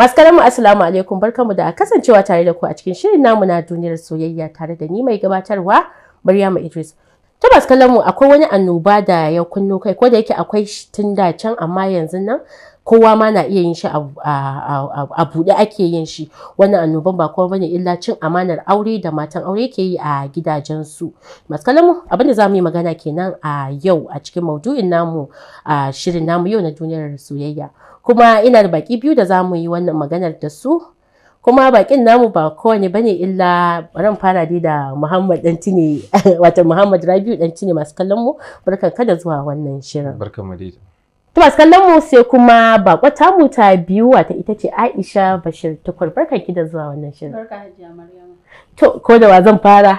Masu mu assalamu alaikum barkamu da kasancewa tare da ku a cikin shirin namu na duniyar soyayya tare da ni mai gabatarwa Maryam Idris. Ta masu kallon mu akwai wani annoba da ya kunno kai ko da yake akwai tun da can amma yanzu nan kowa ma na iya yin shi a buɗe ake yin shi wannan annoban ba kowa bane illa cin amanar aure da matan aure ke yi a gidajensu masu abin abinda za mu yi magana kenan a yau a cikin maudu'in namu a shirin namu yau na duniyar soyayya kuma ina da baki biyu da za mu yi wannan maganar da su kuma bakin namu ba kowane ba ne illa ran fara dai da Muhammad dan tine wato Muhammad Rabiu dan tine masu kallon mu barkan kada da zuwa wannan shirin barkan mu dai to masu kallon mu sai kuma bakwata mu ta biyu wata ita ce Aisha Bashir Tukur barkan ki da zuwa wannan shirin barka Hajiya Maryam To, ko da wa zan fara?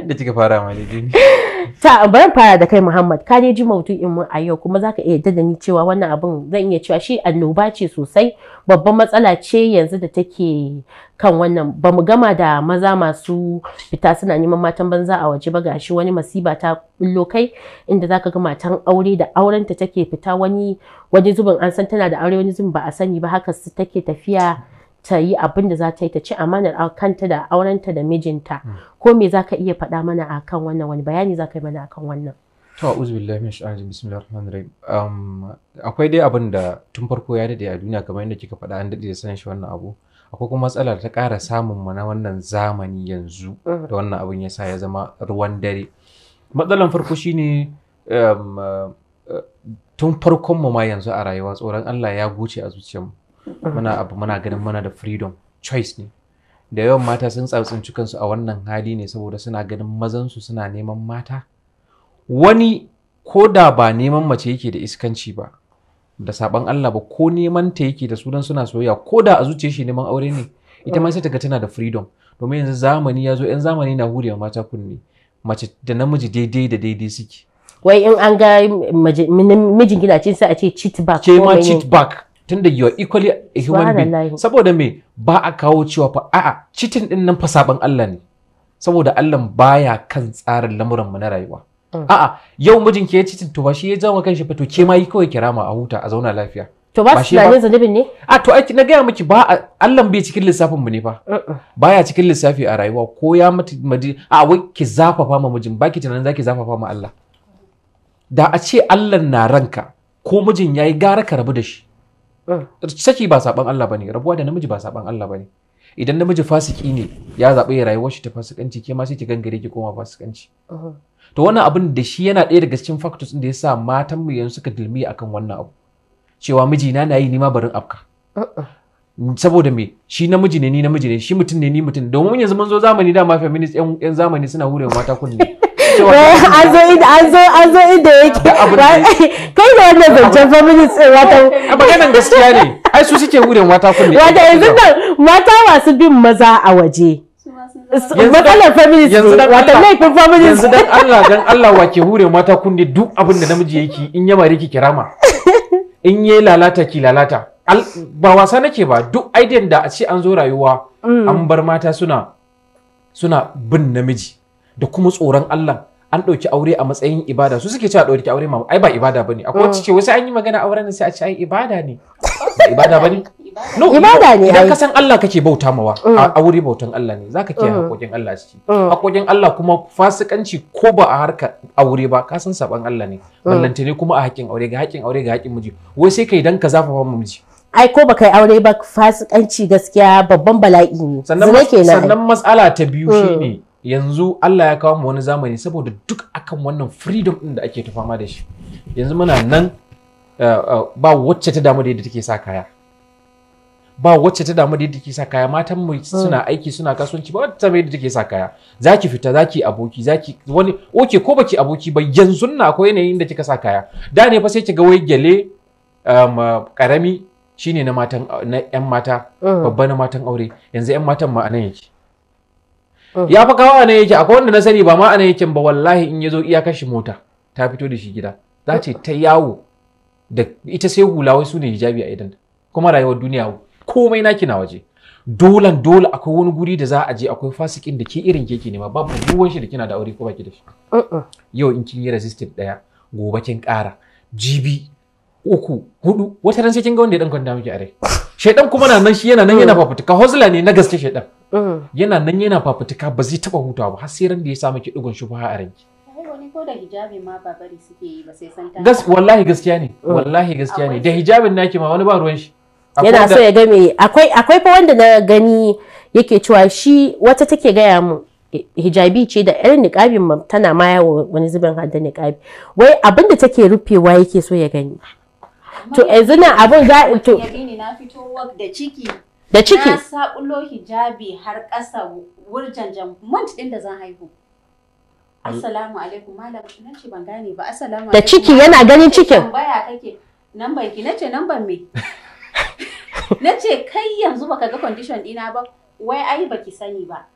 Inda kika fara ma dai Ta, bari fara da kai Muhammad. Ka ji maudu'in mu a yau kuma zaka iya da cewa wannan abun zan iya cewa shi annoba ce sosai, babban matsala ce yanzu da take kan wannan. Ba mu gama da maza masu fita suna neman matan banza a waje ba gashi wani masiba ta bullo kai inda zaka ga matan aure da aurenta take fita wani wani zubin an san tana da aure wani zubin ba a sani ba haka su take tafiya. ta yi abin da za ta yi ta ci amanar kanta da aurenta da mijinta hmm. ko me za ka iya faɗa mana a kan wannan wani bayani za ka yi mana a kan wannan to a'udhu billahi bismillahir rahmanir rahim um, akwai dai abin da tun farko ya dade a duniya kamar yadda kika faɗa an dade da sanin shi wannan abu akwai kuma matsala ta ƙara samun mu na wannan zamani yanzu hmm. da wannan abin ya sa ya zama ruwan dare matsalan farko shine um, uh, tun farkon mu ma yanzu a rayuwa tsoron Allah ya goce a zuciyarmu muna abu muna ganin muna da freedom choice ne da yawan mata sun tsatsinci kansu a wannan hali ne saboda suna ganin mazansu suna neman mata wani ko da ba neman mace yake da iskanci ba da saban Allah ba ko neman ta yake da sunan suna soyayya ko da a zuciyar shi neman aure ne ita ma sai ta ga tana da freedom domin yanzu zamani ya zo yan zamani na hure mata kunne mace da namiji daidai da daidai suke wai in an ga mijin gidacin sai a ce cheat back ce ma cheat back tunda you are equally a human being saboda me ba a kawo cewa fa a'a citin din nan fa saban Allah ne saboda Allah baya kan tsarin lamuran mu na rayuwa mm. a'a yau mijin ke citin to ba shi ya jawo kanshi fa to ke ma yi kawai kirama a huta a zauna lafiya to ba shi ne zunubin ne a to aiki na gaya miki ba Allah bai cikin lissafin mu ne fa baya cikin lissafi a rayuwa ko ya mutu a wai ki zafafa ma mijin ba ki tunanin zaki zafafa ma Allah da a ce Allah na ranka ko mijin yayi gara ka rabu da shi Eh, saki ba saban Allah bane rabuwa da namiji ba saban Allah bane idan namiji fasiki ne ya zaba ya rayuwar shi ta fasikanci ke ma sai ki gangare ki koma fasikanci to wannan abin da shi yana ɗaya daga cikin factors da yasa matan mu yanzu suka dilmi akan wannan abu cewa mijina na yi nima barin afka uh-uh. saboda me shi namiji ne ni namiji ne shi mutum ne ni mutum domin yanzu mun zo zamani dama feminist yan zamani suna hure mata kunne an zo inda kai da wannan zancen feminist ne ai su wata masu bin maza a waje matsalar feminist Allah dan Allah hure mata kunne duk abin da namiji yake in ya mare ki kirama in lalata ki lalata ba wasa nake ba duk aidiyan da a ce an zo rayuwa mm. an bar mata suna bin namiji da kuma tsoron Allah an ɗauki aure a matsayin ibada su suke cewa ɗauki aure ma ai ba ibada bane akwai wacce ce wasu an yi magana auren nan sai a ce ai ibada ne ba ibada bane no ibada ne idan ka san Allah kake bauta mawa mm. aure bautan Allah ne zaka kiyaye mm. hakokin Allah ciki mm. hakokin Allah kuma fasikanci ko ba a harka aure ba ka san saban Allah ne ballante ne kuma a hakkin aure ga hakkin aure ga hakkin miji wai sai kai dan ka zafafa miji ai ko baka yi aure ba fasikanci gaskiya babban bala'i ne sannan sannan mas'ala ta biyu shine yanzu Allah ya kawo mu wani zamani saboda duk akan wannan freedom din da ake ta fama da shi yanzu muna nan eh, eh, ba wacce ta damu da yadda take sa kaya ba wacce ta damu da yadda take sa kaya matan mu hmm. suna aiki suna kasuwanci ba wacce ta damu da take sa kaya zaki fita zaki aboki zaki wani oke ko baki aboki ba yanzu na akwai yanayin da kika sa kaya da ne fa sai kiga wai gele karami um, shine na matan na yan mata hmm. babba na matan aure yanzu yan matan ma anan yake Mm. ya fa kawo anan yake akwai wanda na sani ba ma anan yake ba wallahi in ya zo iya kashe mota ta fito da shi gida za ce ta yawo da ita sai hula wai su ne hijabi a idan kuma rayuwar duniya komai naki na waje dolan dole akwai wani guri da za a je akwai fasikin da ke irin keke ne ma babu ruwan shi da kina da aure ko baki da shi yau in kin yi resistant daya gobe kin kara jibi uku hudu wata ran sai kin ga wanda ya dan kwanta miki a rai shaidan kuma na nan shi yana nan yana fafutuka hosla ne na gaske shaidan Mm. yana nan yana fafutuka ba zai taba hutawa ba har sai ran da ya samu ki shi ba a ranki wani ko da hijabi ma ba bari suke yi ba sai san ta gas wallahi gaskiya ne mm. wallahi gaskiya ne da hijabin naki ma wani ba ruwan shi yana so ya game akwai akwai fa wanda na gani yake cewa shi wata take gaya mu eh, hijabi ce da yar niqabin ma tana ma yawo wani zubin har da niqabi wai abinda take rufewa yake so ya gani to yanzu nan abun za to na fito da ciki da ciki na sabulo hijabi har ƙasa wurjan jamunt din da zan haihu assalamu alaikum malam na ce ban gane ba assalamu da ciki yana ganin cikin baya kake nan banki na ce nan ban me nace kai yanzu baka ga condition dina ba wai ai baki sani ba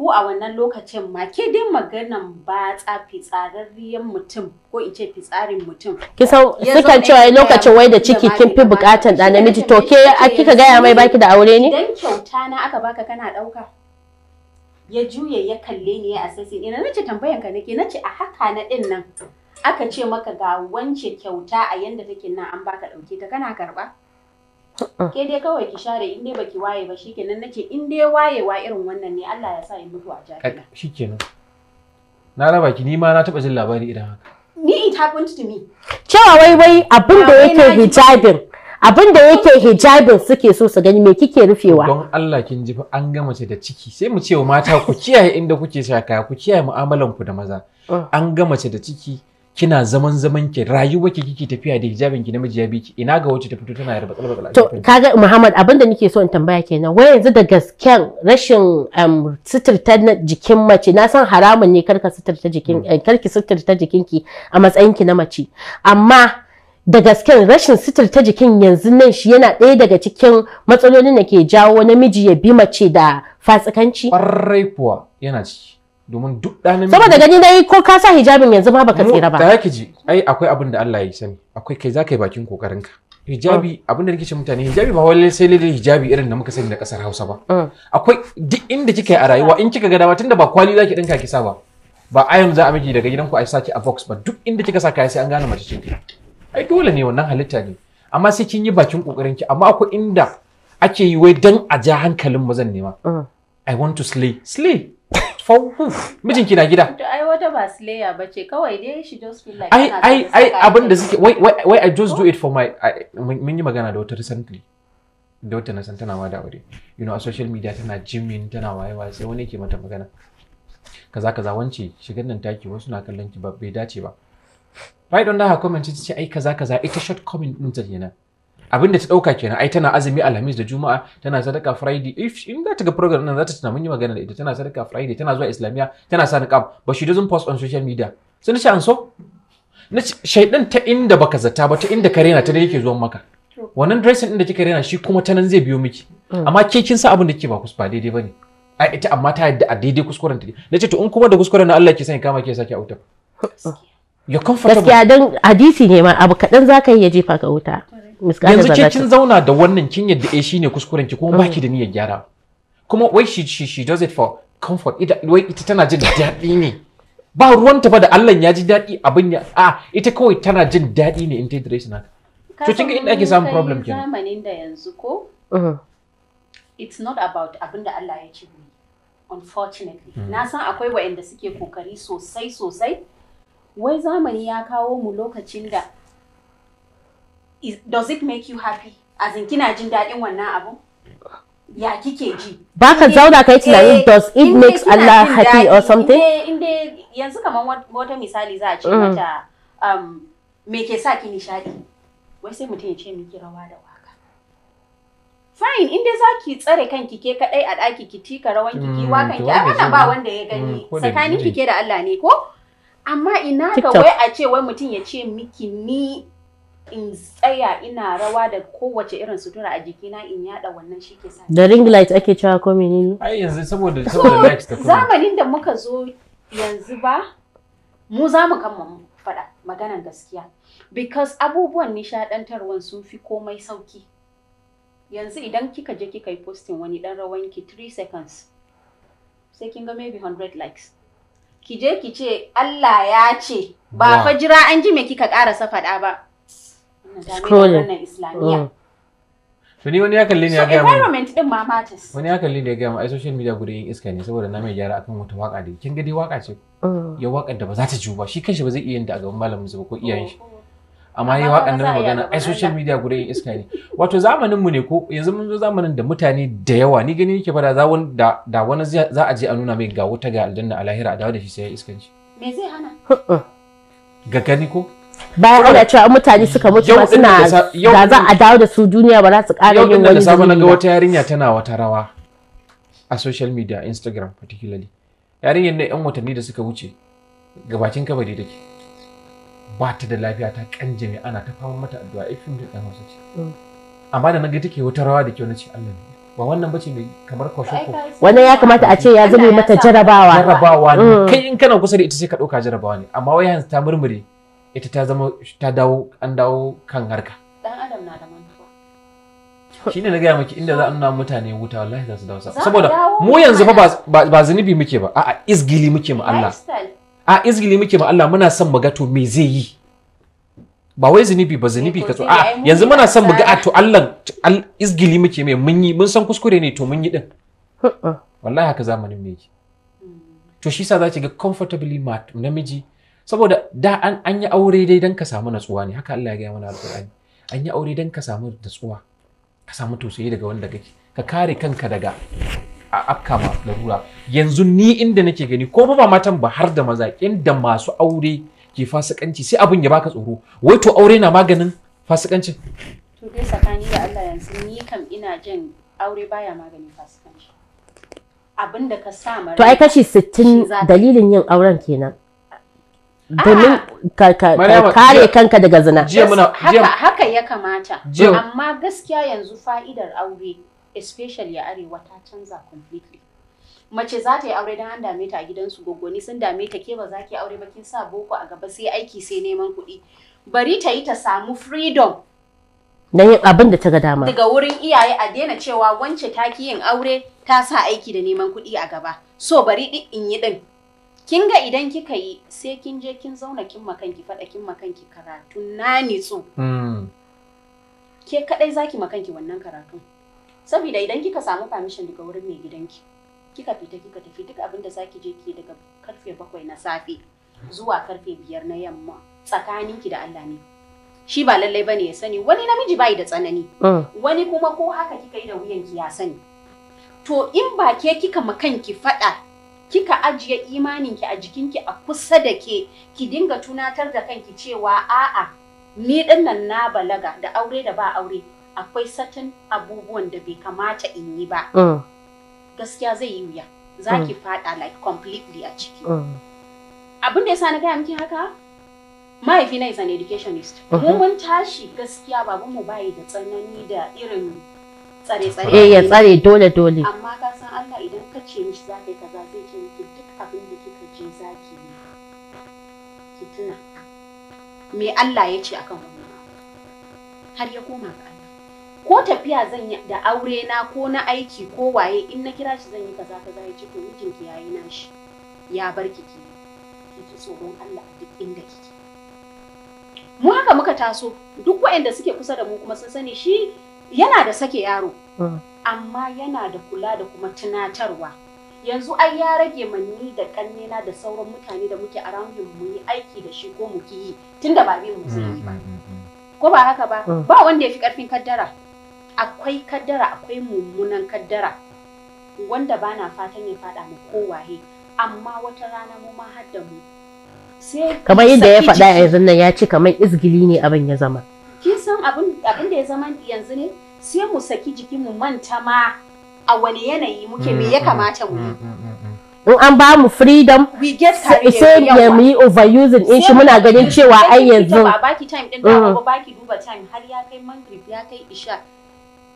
ko a wannan lokacin ma ke dai maganan ba tsa fitsararriyar mutum ko in ce fitsarin mutum. Ki sau sukan cewa lokacin wai da ciki kin fi bukatan da namiji to ke kika gaya mai baki da aure ne? Dan kyauta na aka baka kana dauka. Ya juye ya kalle ni ya assassin ina nace tambayan ka nake nace a haka na din nan. Aka ce maka ga wance kyauta a yanda take nan an baka dauke ta kana karɓa? Uh-uh. ke dai kawai ki share in dai baki waye ba shikenan nace in dai wayewa irin wannan ne Allah ya sa in mutu a jahila shikenan na raba ki ni ma na taba jin labari idan haka ni it happened to me cewa wai wai abin da yake hijabin abin da yake hijabin suke so su gani me kike rufewa don Allah kin ji fa an ga mace da ciki sai mu ce wa mata ku kiyaye inda kuke shaka ku kiyaye mu'amalan ku da maza uh. an ga mace da ciki kina zaman zaman ki rayuwa ki kike tafiya da hijabin ki namiji ya biki ina ga wacce ta fito tana yarba kalba kalba to kaga Muhammad abin da nake so in tambaya kenan wai yanzu da gasken rashin um, suturta jikin mace na san haramun ne karka suturta jikin mm. eh, karki suturta jikin ki a matsayin ki na mace amma da gasken rashin suturta jikin yanzu nan shi yana ɗaya daga cikin matsalolin da ke jawo namiji ya bi mace da fasikanci kwarai kuwa yana ciki domin duk ɗanin saboda gani dai ko ka sa hijabin yanzu ma baka tsira ba da yake ji ai akwai abin da Allah ya sani akwai kai zakai yi bakin kokarin ka hijabi oh. abin da nake ce mutane hijabi ba wai sai lalle hijabi irin da muka sani da kasar Hausa ba oh. akwai duk inda kika yi a rayuwa in kika ga dama tunda ba kwali zaki dinka ki sa ba ba yanzu za a miki daga gidanku a saki a box ba duk inda kika sa kaya sai an gane mace ce ai dole ne wannan halitta ne amma sai kin yi bakin kokarin ki amma akwai inda ake yi wai dan a ja hankalin mazan ne ma oh. i want to slay slay fau mijinki na gida ai wata ba slayer ce kawai dai shi just feel like ai ai ai abin da suke wai wai i just do oh. it for my mun yi magana da wata recently da wata na san tana ma da aure you know a social media tana jimin tana waye waye sai wani ke mata magana kaza kaza wance shigar nan taki wasu na kallon ki ba bai dace ba right on da ha comment ce ai kaza kaza ita short comment din ta kenan abinda ta dauka kenan ai tana azumi alhamis da juma'a tana sadaka friday if in za ta ga program nan za ta tana mun yi magana da ita tana sadaka friday tana zuwa islamiya tana sa niqab but she doesn't post on social media Sun ci an so na shaidan ta inda baka zata ba ta inda ka rena ta da yake zuwan maka wannan dressing din da kika rena shi kuma ta nan zai biyo miki mm. amma ke kin sa abin da kike ba kus ba daidai bane ai ita amma ta yadda a daidai kuskuren ta nace to in kuma da kuskuren na Allah ke sani kama ke saki auta ya comfortable gaskiya dan hadisi ne ma abu kadan zaka yi ya jefa ka wuta mm. yanzu ke kin zauna da wannan kin yadda eh shine kuskuren ki kuma baki mm. da niyyar gyara kuma wai she she she does it for comfort ita wai ita tana jin daɗi ne ba ruwanta fa da Allah ya ji daɗi abin ya a ita kawai tana jin daɗi ne in ta dress na to kin ga inda ake samun problem kin zamanin da yanzu ko mm-hmm. it's not about abin da Allah ya ci unfortunately mm. na san akwai waɗanda suke kokari sosai sosai wai zamani ya kawo mu lokacin da Is, does it make you happy? as in kina jin daɗin wannan abun? Ya kike ji? Ba ka zauna kai tunanin eh, does it makes Allah happy or something? Inde yanzu kaman wata misali za a ce mm. mata um, me ke sa ki nishaɗi? Wai sai mutum ya ce miki rawa da waka. Fine, in dai za ki tsare kanki ke kaɗai a ɗaki ki tika rawan ki ki mm, wakan ki abana ba wanda ya gani mm, tsakanin ki ke da Allah ne ko? Amma ina ga wai a ce wai mutum ya ce miki ni in tsaya ina rawa da kowace irin sutura a jikina in yada wannan shi ke sa. Da ring light ake cewa ko menene? Ai yanzu saboda saboda light ta Zamanin da muka zo yanzu ba mu za mu kan faɗa maganan gaskiya. Because abubuwan nishadantarwan sun fi komai sauki. Yanzu idan kika je kika yi posting wani dan rawanki 3 seconds sai kin ga maybe 100 likes. Ki je ki ce Allah ya ce ba fa jira an ji me kika ƙarasa faɗa ba. scrolling to oh. ni wani ya kalli ne ya gaya mu environment din ma matters wani ya kalli ne ya gaya mu ai social media gudun yin iska ne saboda na mai gyara akan wata waka da kin ga dai waka ce oh. ya wakan da ba za ta ju ba shi kanshi ba zai iya yin ta a gaban malamin sa ba ko iyayen shi oh, amma yayi wakan nan magana ai social media gudun yin iska ne wato zamanin mu ne ko yanzu mun zo zamanin da mutane da yawa ni gani yake fada za wani da wani za a je a nuna mai ga wata ga aljanna a lahira a dawo da shi sai ya iskanci me zai hana ga gani ko bayan ana cewa mutane suka mutu ba suna da za a dawo da su duniya ba za su ƙara yin wani zunubi na ga wata yarinya tana wata rawa a social media instagram particularly yarinyar na yan watanni da suka wuce gabacin kabari take ba ta da lafiya ta kanjame ana ta fama mata addu'a ai fim da ɗan hausa ce mm. amma da na ga take wata rawa da kyau na ce Allah ne ba wannan bace mai kamar kwashoko wannan ya kamata a ce ya zama mata jarabawa jarabawa ne mm. kai in kana kusa da ita sai ka ɗauka jarabawa ne amma wai hanzu ta murmure ita ta zama ta dawo an dawo kan harka dan adam na da mantuwa shine na gaya miki inda za a nuna mutane wuta wallahi za su dawo saboda mu yanzu fa ba zunubi muke ba a'a izgili muke ma Allah a izgili muke ma Allah muna son mu ga to me zai yi ba wai zunubi ba zunubi eh, ka so a'a yanzu muna son mu ga a to Allah izgili muke mai mun yi mun san kuskure ne to mun yi din wallahi haka zamanin ne yake hmm. to shi sa za ki ga comfortably namiji saboda da an an yi aure dai dan ka samu natsuwa ne haka Allah ya gaya mana alƙur'ani an yi aure dan ka samu natsuwa ka samu tausayi daga wanda kake ka kare kanka daga a afka ma larura yanzu ni inda nake gani ko ba matan ba har da maza inda masu aure ke fasikanci sai abin ya baka tsoro wai to aure na maganin fasikancin to dai tsakani da Allah yanzu ni kam ina jin aure baya maganin fasikanci abin da ka sa to ai kashi 60 dalilin yin auren kenan Ah. domin kare kanka daga zina haka ya kamata amma gaskiya yanzu fa'idar aure especially a arewa ta canza completely mace za ta yi aure don an dame ta a gidansu gogoni, sun dame ta ke ba za ki aure ba kin sa boko a gaba sai aiki sai neman kuɗi bari ta yi ta samu freedom na yin abin da ta ga dama daga wurin iyaye a daina cewa wance ta ki yin aure ta sa aiki da neman kuɗi a gaba so bari in yi ɗin. kin ga idan kika yi sai kin je kin zauna kin makanki faɗa kin makanki karatu na nitsu hmm. ke kadai zaki makanki wannan karatu. saboda idan kika samu permission daga wurin mai gidanki kika fita kika tafi duk abin da zaki je ki daga karfe bakwai na safe zuwa karfe biyar na yamma tsakanin ki da Allah ne shi ba lallai bane ya sani wani namiji bai da tsanani hmm. wani kuma ko haka kika yi da wuyanki ya sani to in ba ke kika makanki faɗa kika ajiye imaninki a jikinki a kusa da ke ki dinga tunatar da kanki cewa a'a ni din nan na balaga da aure da ba aure akwai satin abubuwan da bai kamata in yi ba mm. gaskiya zai yi wuya za ki mm. fada like completely a ciki mm. abin da yasa na gaya miki haka mahaifi na is an educationist mu mm-hmm. mun tashi gaskiya babu mu bayi da tsanani da irin tsare-tsare eh, ya tsare dole dole amma ka san Allah idan ka ce mishi za ka yi kaza zai ce miki duk abin da kika ce za ki yi ki tuna me Allah ya ce akan wannan har ya koma ga Allah ko tafiya zan yi da aure na ko na aiki ko waye in na kira shi zan yi kaza kaza ya ce to mijinki yayi nashi ya bar ki ki ki ji tsoron Allah a duk inda kike mu haka muka taso duk waɗanda suke kusa da mu kuma sun sani shi yana da sake yaro mm. amma yana da kula da kuma tunatarwa yanzu ai ya rage manni da kannena da sauran mutane da muke a ramin mu yi aiki da shi ko mu ki yi tunda ba bin mu yi ba mm, mm, ko ba haka ba ba wanda ya fi karfin kaddara akwai kaddara akwai mummunan kaddara wanda ba na fatan ya fada mu kowaye amma wata rana mu ma har da mu kamar yadda ya faɗa yanzu nan ya ci kamar izgili ne abin ya zama kin san abin da ya zama yanzu ne sai mu saki jikin mu manta ma a wani yanayi muke me ya kamata mu in an ba mu freedom sai ya mu yi overusing in shi muna ganin cewa ai yanzu ba baki time din da mm. ba baki duba time har ya kai maghrib ya kai isha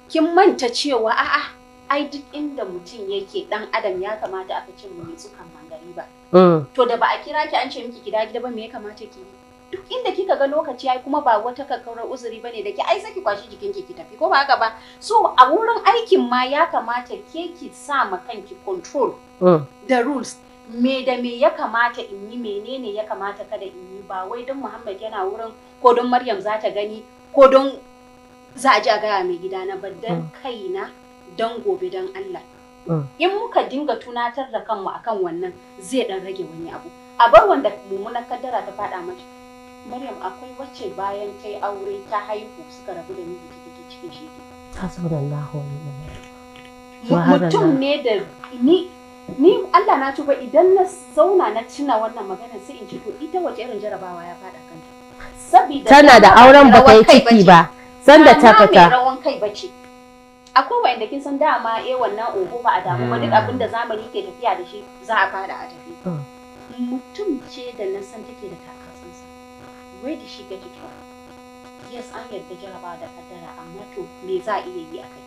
kin manta cewa a'a ai duk inda mutum yake dan adam ya kamata aka ce mu nutsu kan mangariba mm. to da ba a kira ki an ce miki gida gida ba me ya kamata ki yi duk inda kika ga lokaci yayi kuma ba wata kakkaurar uzuri bane da ki ai saki kwashi jikin ki ki tafi ko ba haka ba so a wurin aikin ma ya kamata ke ki sa ma kanki control oh. da rules me da me ya kamata in yi menene ya kamata kada in yi ba wai don Muhammad yana wurin ko don Maryam za ta gani ko don za a ji a gaya mai gida na don oh. kaina don gobe don Allah. Oh. In muka dinga tunatar da kanmu akan wannan zai dan rage wani abu. A bar wanda mummunan kaddara ta faɗa mata Maryam akwai wacce bayan kai aure ta haihu suka rabu da miji da take cikin shege. Hasbunallahu wa ni'mal Mutum ne da ni ni Allah na tuba idan na zauna na cina wannan magana sai in ci to ita wace irin jarabawa ya fada kanta. Sabida tana da auren ba ta yi ciki ba. da ta fita. Ba rawan kai bace. Akwai wanda kin san dama eh wannan ogo ba a damu ba duk hmm. abin da zamani ke tafiya da shi za a fara a tafi. Hmm. Mutum ce da na san take da ta wai da shi kake kira yes an yarda jaraba da kaddara amma to me za a iya yi a kai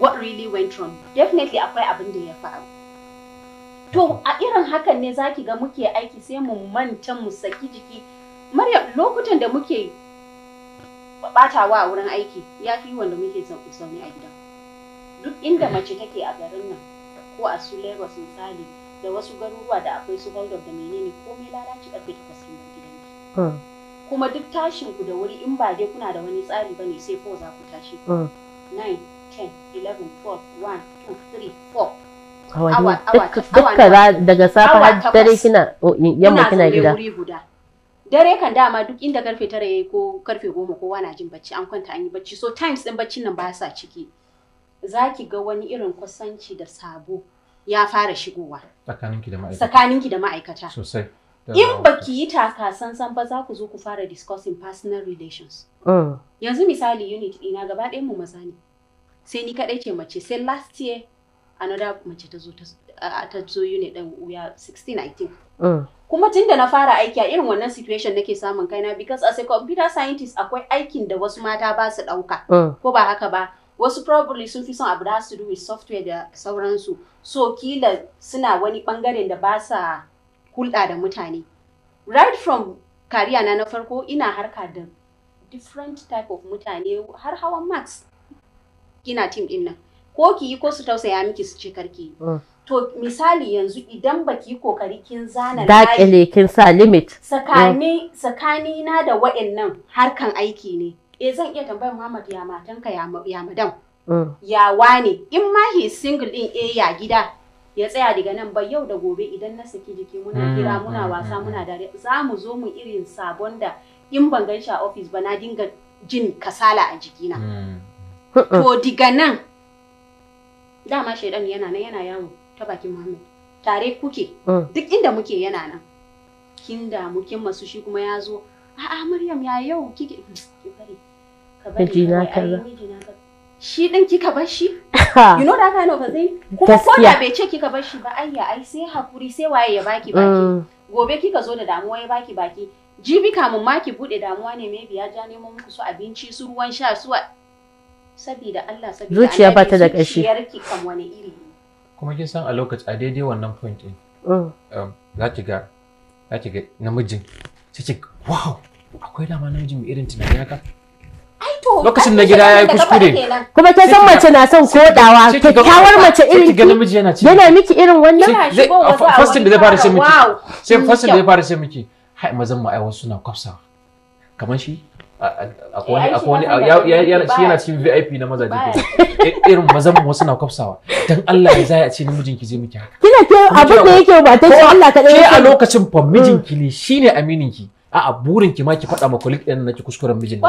what really went wrong definitely akwai abin da ya faru to a irin hakan ne zaki ga muke aiki sai mu manta mu saki jiki maryam lokutan da muke batawa a wurin aiki ya fi wanda muke zaune a gida duk inda mace take a garin nan ko a su lagos misali da wasu garuruwa da akwai su hold da menene komai lalaci karfe takwas kin gidanki hmm. kuma duk tashin ku da wuri in ba dai kuna da wani tsari bane sai 4 za ku tashi 9 10 11 12 1 2 3 4 awa dukka daga safa har dare kina yamma kina gida dare kan dama duk inda karfe tara yayi ko karfe goma kowa na jin bacci an kwanta an yi bacci so times din baccin nan ba sa ciki Za ki ga wani irin kusanci da sabo ya fara shigowa tsakaninki da ma'aikata sosai in ba yi taka sansan ba za ku zo ku fara discussing personal relations. Mm. Yanzu misali unit ina gaba ɗayan mu maza ne. Sai ni kaɗai ce mace sai last year another mace ta zo ta zo unit ɗin wuya 16 I think. Mm. Kuma tun da na fara aiki a irin wannan situation nake samun kaina because as a computer scientist akwai aikin da wasu mata ba su ɗauka. Mm. Ko ba haka ba. wasu probably sun fi son abu da su do with software da sauransu so kila suna wani bangaren da ba sa hulɗa da mutane right from kariya na na farko ina harka da different type of mutane har hawan max kina tim din nan ko ki yi ko su tausaya miki su ce karki mm. to misali yanzu idan baki yi kokari kin zana dakile kin sa limit tsakani na da wa'annan harkan aiki ne e zan iya tambayar Muhammad ya matanka ya madam mm. ya wane in ma he single din eh ya gida ya tsaya daga nan ba yau da gobe idan na saki jiki muna kira hmm, hmm, muna hmm, wasa muna dare za mu zo mu irin sabon da in ban gan a ofis ba na dinga jin kasala a jikina uh-uh. to diga nan dama shaidan yana nan yana yawo ta bakin muhammad tare kuke uh. duk inda muke yana nan kin damu kin masu shi kuma ya zo a'a maryam ya yau kike ki bari ka bari ka bari Shi din kika bar shi? You know that kind of a thing? Kuma ko da bai ce kika bar shi ba ayya ai sai hakuri sai waye ya baki baki. Mm. Gobe kika zo da damuwa ya baki baki. Jibi kamun ma ki bude damuwa ne maybe ya ja neman muku su abinci su ruwan sha su sabida Allah sabida Zuciya ba ta da ƙashi. Zuciyarki kan wani iri. Kuma kin san a lokaci a daidai wannan point din. Mm. Um, za ki ga za ki ga namijin sai ki wow akwai dama namijin mai irin tunani haka. lokacin da gida ya yi kuskure kuma ta san mace na son kodawa kyakkyawar mace irin ki yana miki irin wannan fasin da zai fara sai miki sai fasin da zai fara sai miki hai mazan ma ai wasu na kwafsa kamar shi akwai wani shi yana cikin VIP na mazaje ke irin mazan mu suna kwafsawa dan Allah ya zai a ce namijin ki zai miki haka kina ke abin da yake ba ta ce Allah kadai ke a lokacin fa mijin mm. ki ne shine aminin ki a'a burin ki ma ki fada ma colleague din naki kuskuren mijin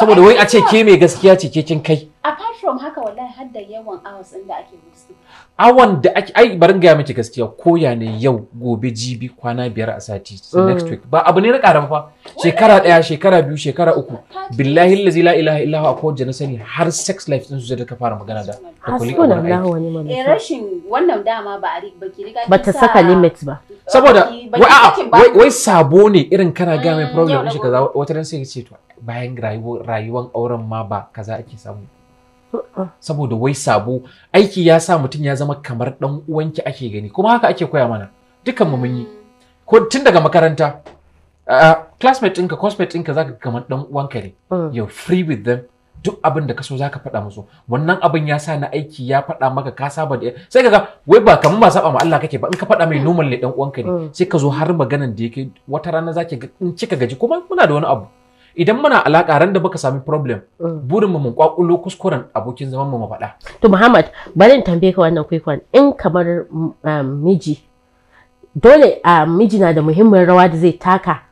saboda wai a ce ke mai gaskiya ce ke kin kai apart from haka wallahi har da yawan hours din da ake musu awan da ake ai bari ga miki gaskiya koya ne yau gobe jibi kwana biyar a sati mm. next week ba abu ne na karama fa shekara daya shekara biyu shekara uku billahi allazi la ilaha illahu huwa akwai na sani har sex life din su zai ka fara magana da da kulli wani eh rashin wannan dama ba a ba ki riga ba ta saka limit ba saboda wai wai sabo ne irin kana ga mai mm, problem din shi kaza wata ran sai ki ce to bayan rayuwan auren ma ba kaza ake samu uh-uh. saboda wai sabo aiki ya sa mutum ya zama kamar dan uwanki ake gani kuma haka ake koya mana dukan mu mun yi ko tun daga makaranta classmate ɗinka classmate ɗinka zaka kamar dan uwanka ne uh. you free with them duk abin da ka so zaka faɗa musu wannan abin ya sa na aiki ya faɗa maka ka saba da sai kaga wai ba kamar ba saba ma Allah kake ba in ka faɗa mai normal ne dan uwanka ne uh. sai ka zo har maganan da yake wata rana zaki in kika gaji kuma muna da wani abu idan muna alaka ran da muka sami problem mm. burin mu mun kwakulo kuskuren abokin zaman mu faɗa to Muhammad bari tambaye ka wannan kwaikwan in kamar um, miji dole a um, miji na da muhimmin rawa da zai taka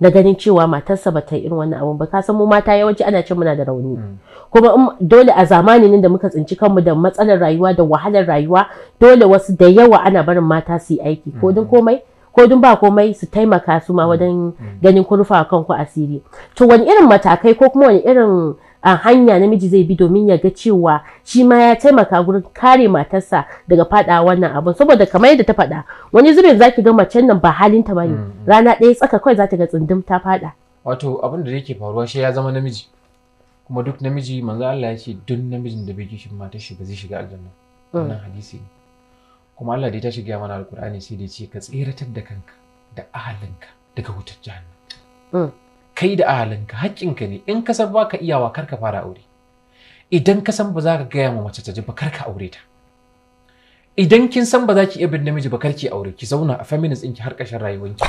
na ganin cewa matarsa ba ta irin wannan abun ba ka san mu mata yawanci ana cin muna da rauni mm. kuma dole a zamanin da muka tsinci kanmu da matsalar rayuwa da wahalar rayuwa dole wasu da yawa ana barin mata su yi aiki ko mm. din komai ko dun ba komai su taimaka su ma wajen mm. ganin kun rufa kanku asiri to wani irin matakai ko kuma wani irin a hanya namiji zai bi domin ya ga cewa shi ma ya taimaka gurin kare matarsa daga fada wannan abun saboda kamar yadda ta faɗa wani zubin zaki ga macen nan ba halinta bane mm. rana ɗaya tsaka kawai za ta ga tsundum ta fada wato abin da yake faruwa shi ya zama namiji kuma duk namiji manzo Allah ya ce duk namijin da bai kishin matar shi ba zai shiga aljanna wannan mm. hadisi ne kuma Allah dai ta shiga mana alkur'ani sai dai ce ka tseratar da kanka da ahalinka daga wutar jahannam mm. kai da ahalinka haƙƙinka ne in ka san baka iyawa kar ka fara aure idan ka san ba za ka gaya ma mace ta ji ba kar ka aure ta idan kin san ba za ki iya bin namiji ba karki aure ki zauna a feminist ɗinki har kashin rayuwanki.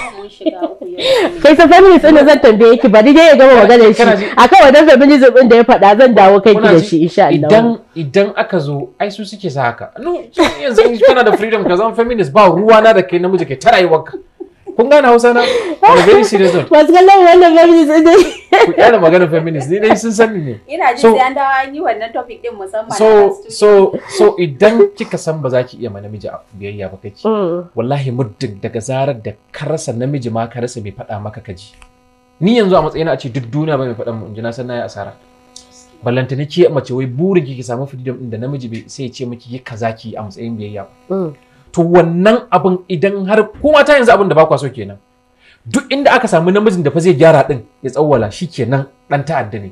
kai ta feminist ɗin zan tambaye ki bari dai ya gama maganar shi akan wannan feminism ɗin da ya faɗa zan dawo kai ki da shi insha Allah. idan idan aka zo ai su suke sa haka no yanzu kana da freedom ka zama feminist ba ruwa na da kai namiji kai ta rayuwarka. kun gane hausa na on very serious note wasu kallon wannan feminist ne. ku kyala magana feminist ni dai sun sani ne ina jin sai an dawo an yi wannan topic din musamman so so so idan kika san ba za ki iya ma namiji biyayya ba kake mm. wallahi muddin daga zarar da ka rasa namiji ma ka rasa bai faɗa maka kaji ni yanzu a matsayina a ce duk duniya ba mai faɗa mu in san na yi asara ballanta ne ke mace wai burin ki ki samu freedom din da namiji bai sai ya ce miki yi kaza ki a matsayin biyayya to wannan abin idan har kuma ta yanzu abin da ba so kenan duk inda aka samu namijin da fa zai gyara din ya tsawwala shikenan dan ta'adda ne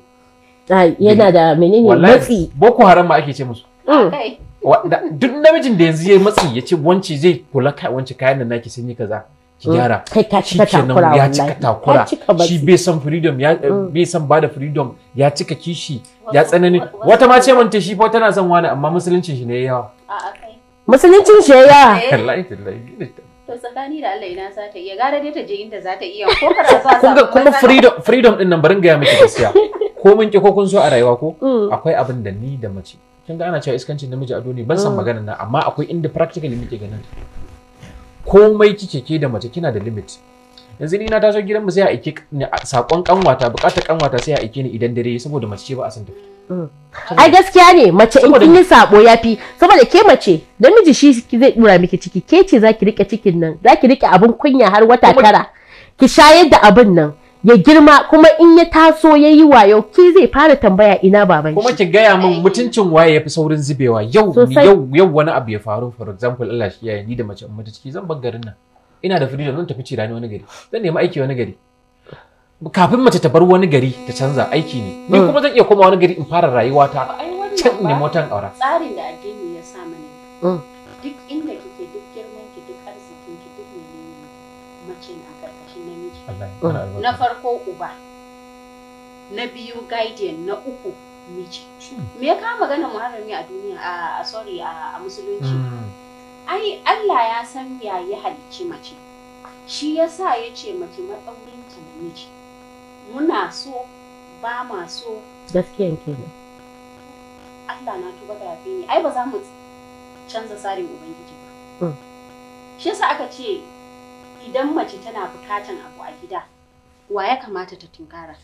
yana da menene matsi boko haram ma ake ce musu mm. duk namijin da yanzu ya matsi ya ce wance zai kula kai wance kayan nan naki sun yi kaza ki mm. gyara shikenan ya cika takura shi bai san freedom ya eh, mm. bai san bada freedom ya cika kishi ya tsanani wata ma ce ta shi fa tana son wani amma musulunci shi ne yawa musuluncin shi ya eh. to tsakani da Allah ina za ta iya gara dai ta je inda za ta iya ko karatu a kuma freedom freedom din nan barin ga miki gaskiya ko mun ki ko kun so a rayuwa ko mm. akwai abin da ni da mace kin ga ana cewa iskancin namiji ado ne ban san mm. magana na amma akwai inda practically muke ganin komai kike ke da mace kina da limit yanzu ni na taso gidanmu sai a aiki sakon kanwata bukata kanwata sai a aiki ni idan dare saboda mace ce ba a san tafi mm. ai gaskiya ne mace in kin yi sabo yafi saboda ke mace namiji shi zai dura miki ciki ke ce zaki rike cikin nan zaki rike abun kunya har wata tara ki shayar da abun nan ya girma kuma in ya taso ya yi wayo ki zai fara tambaya ina baban shi kuma ki gaya min mutuncin waye ya fi saurin zubewa yau yau yau wani abu ya faru for example Allah shi ya ni da mace in mutu ciki zan bar garin nan ina da freedom nan tafi cirani wani gari zan nemi aiki wani gari kafin mace ta bar wani gari ta canza aiki ne ni mm. kuma zan iya koma wani gari in fara rayuwa ta can in motan aura tsarin da addini ya sa mana mm. duk inda kike duk girman ki duk arzikin ki duk menene mace na karkashin namiji mm. na farko uba na biyu guardian na uku miji hmm. me ya kama maganar muharrami a duniya a sorry a musulunci hmm. Wai Allah ya san ya yi halicci mace shi ya sa ya ce mace matsaurinta namiji muna so ba ma so gaskiyan kenan Allah na tuba da yafe ni ai ba za mu canza tsarin ubangiji ba mm. shi yasa aka ce idan mace tana bukatan abu a gida wa ya kamata ta tunkara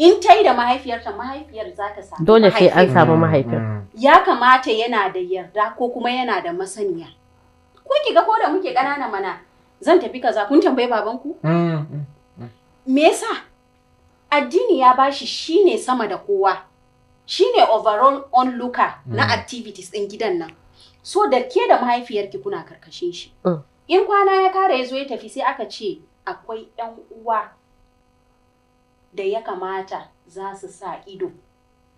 in ta yi da mahaifiyarta mahaifiyar za ta samu dole sai an samu mahaifiyar mm. ya kamata yana da yarda ko kuma yana da masaniya ko ki ga koda muke ƙanana mana zan tafi kaza kun tambayi ku? Mm, mm, me yasa addini ya bashi shine sama da kowa shine overall onlooker na activities ɗin gidan nan so da ke da mahaifiyarki kuna karkashin shi in kwana ya kare ya zo ya tafi sai aka ce akwai 'yan uwa da ya kamata za su sa ido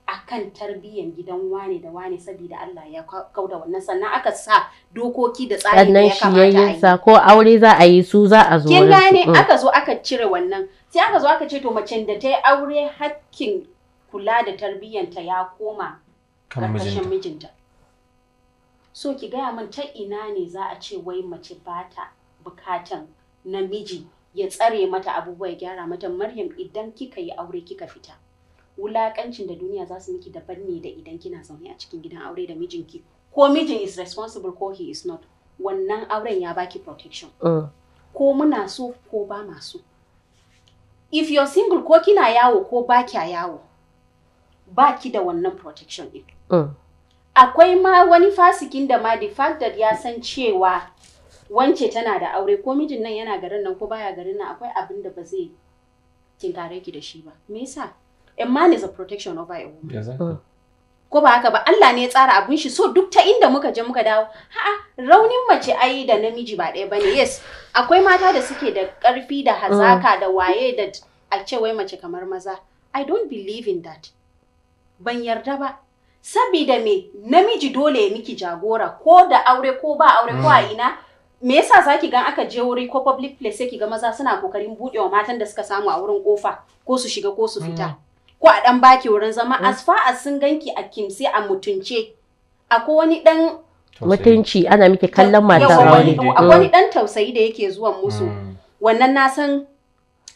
a kan tarbiyyar gidan wane da wane saboda Allah ya kauda wannan sannan aka sa dokoki da tsari da ya kamata ko aure za a yi su za a zo. Kin gane mm. aka zo aka cire wannan sai aka zo aka ce to macen da ta yi aure hakkin kula da tarbiyyanta ya koma karkashin mijinta. So ki gaya min ta ina ne za a ce wai mace ba ta bukatan namiji ya tsare mata abubuwa ya gyara mata maryam idan kika yi aure kika fita wulakancin da duniya za su miki daban ne da idan kina zaune a cikin gidan aure da mijinki ko mijin is responsible ko he is not wannan auren ya baki protection mm. ko muna so ko ba ma so if you are single ko kina yawo ko ba kya yawo ba ki da wannan protection din mm. akwai ma wani fasikin da ma the fact that ya san cewa wance tana da aure ko mijin nan yana garin nan ko baya garin nan akwai abin da ba zai tinkare ki da shi ba me yasa a man is a protection over a woman oh. ko ba haka ba Allah ne ya tsara abun shi so duk ta inda muka je muka dawo ha'a raunin mace ai da namiji ba ɗaya bane yes akwai mata da suke da ƙarfi da hazaka mm. da waye da a ce wai mace kamar maza i don't believe in that ban yarda ba sabida me namiji dole ya miki jagora ko da aure ko ba aure ko a mm. ina me yasa zaki gan aka je wuri ko public place sai ga maza suna kokarin wa matan da suka samu a wurin kofa ko su shiga ko su mm. fita ko a dan baki wurin zama mm. as far as sun ganki a kimse a mutunce akwai wani dan mutunci ana miki kallon mata aure akwai wani dan mm. tausayi da yake zuwa musu wannan na san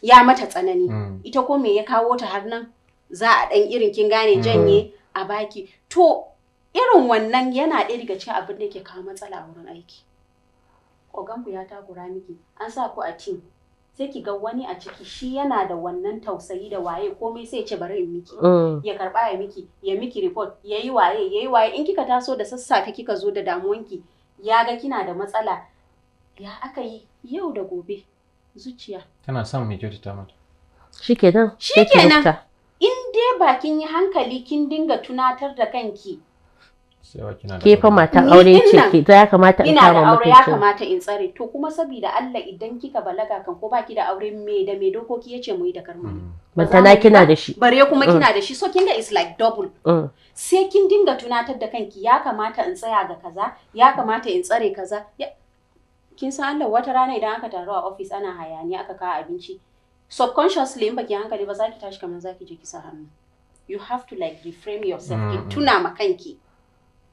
ya mata tsanani ita ko me ya kawo ta har nan za a dan irin kin gane janye a baki to irin wannan yana ɗaya daga cikin abin da ke kawo matsala wurin aiki Ku ya takura miki an sa ku a team sai ki ga wani a ciki shi yana da wannan tausayi da waye komai sai ce bari in miki mm. ya karba ya miki ya miki report ya yi waye ya yi waye in kika taso da sassafe kika zo da damuwanki ya ga kina da matsala ya aka yi yau da gobe zuciya tana son mai kyautata mata shikenan shikenan in dai bakin yi hankali kin dinga tunatar da kanki kefa mata aure ce ke ya kamata in kama mutunci ina da aure ya kamata in tsare to kuma saboda Allah idan kika balaga kan ko baki da aure me da me dokoki yace muyi yi da karma mantana mm. kina da shi bare kuma mm. kina da shi so kinga is like double mm. sai kin dinga tunatar da kanki ya kamata in tsaya ga kaza ya kamata in tsare kaza kin san Allah wata rana idan aka taru a office ana hayani aka kawo abinci subconsciously in baki hankali ba za ki tashi kamar za ki je ki sa hannu you have to like reframe yourself ki tuna ma kanki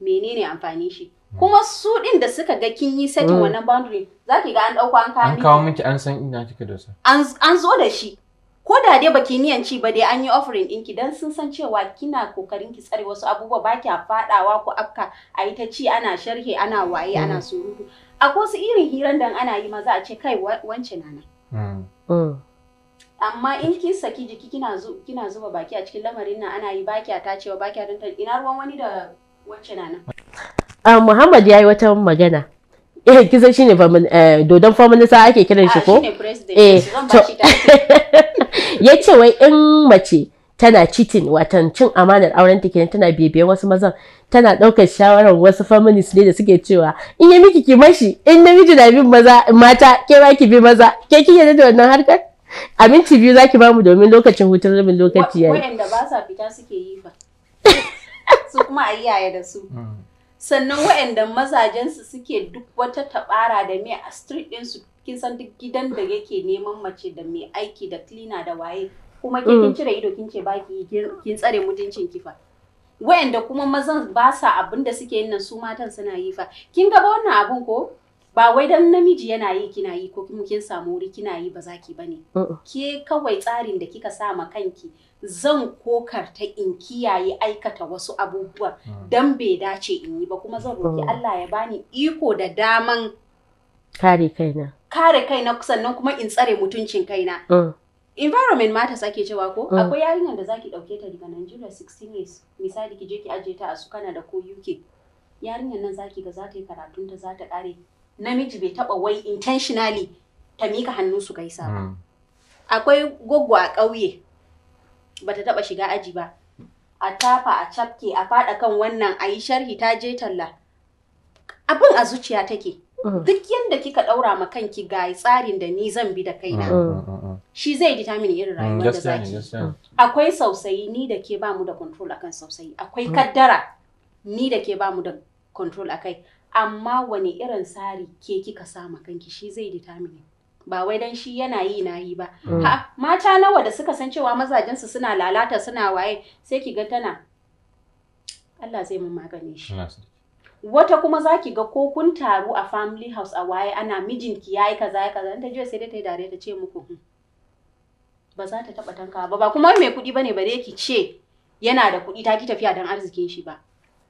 menene amfanin shi kuma su din da suka ga kin yi setting mm. wannan boundary za ki ga an ɗauko an kawo an kawo miki an san ina kika da su an zo da shi ko da dai baki niyan ci ba dai an yi offering ɗinki dan sun san cewa kina kokarin ki tsare wasu abubuwa ba kya fadawa ko akka a yi ta ci ana sharhe ana waye ana mm. surutu akwai wasu irin hiran dan ana yi maza a ce kai wancan nana mm. amma in ki saki jiki kina zuba baki a cikin lamarin nan ana yi baki a tacewa baki a ina ruwan wani da Wacce ah, Muhammad ya yi wata magana. eh kisan shi ne eh, dodon faminista ake kiran shi ah, ko? eh to ya ce wai in mace tana cheating watan cin amanar auren ta kenan tana bebe wasu mazan tana ɗaukar shawarar wasu feminist ne da suke cewa in ya miki ki mashi in namiji na bin maza mata ke ba ki bi maza ke kike da wannan harkar abinci biyu za zaki mu domin lokacin hutun rabin lokaci yayi wa'anda ba sa fita suke yi ba. su kuma a iyaye da su sannan waɗanda mazajensu suke duk wata tabara da mai a street ɗinsu kin san duk gidan da yake neman mace da mai aiki da cleaner da waye kuma ke kin mm. cire ido kin ce baki kin tsare mutuncin kifa Waɗanda kuma mazan ba sa abin da suke yin nan su matan suna yi fa kin ga wannan abun ko ba wai dan namiji yana yi kina yi ko kuma kin samu wuri kina yi ba za ki bane ke kawai tsarin da kika sa ma kanki zan kokar ta in kiyaye aikata wasu abubuwa hmm. don bai dace in yi ba kuma zan roki hmm. Allah ya bani iko da daman kare kaina kare kaina sannan kuma in tsare mutuncin kaina hmm. environment ma ta sake cewa ko akwai yarinyar da zaki dauke ta daga Nigeria 16 years misali ki je ki aje ta a su Canada ko UK yarinyar nan zaki ga za ta yi karatun ta za ta kare namiji bai taba wai intentionally ta mika hannu su gaisa ba akwai goggo a ƙauye bata taba shiga aji ba a tafa a cafke a fada kan wannan a yi sharhi ta je talla abin a zuciya take mm. duk yadda kika daura ma kanki ga tsarin da ni zan bi da kaina mm. Mm, shi zai determine irin rayuwar da zaki akwai sausayi ni da ke ba mu da control akan sausayi akwai kaddara ni da ke ba mu da control akai amma wani irin tsari ke kika sa ma kanki shi zai determine ba wai dan shi yana yi na yi ba mm. ha mata nawa da suka san cewa mazajen su suna lalata suna waye sai ki ga tana Allah zai mun magane shi wata kuma za ki ga ko kun taru a family house a waye ana mijinki ya yi kaza ya kaza ta je sai dai ta dare ta ce muku mm, ba za ta taɓa tanka ba ba kuma mai kuɗi bane ba dai ki ce yana da kuɗi ta ki tafiya dan arzikin shi ba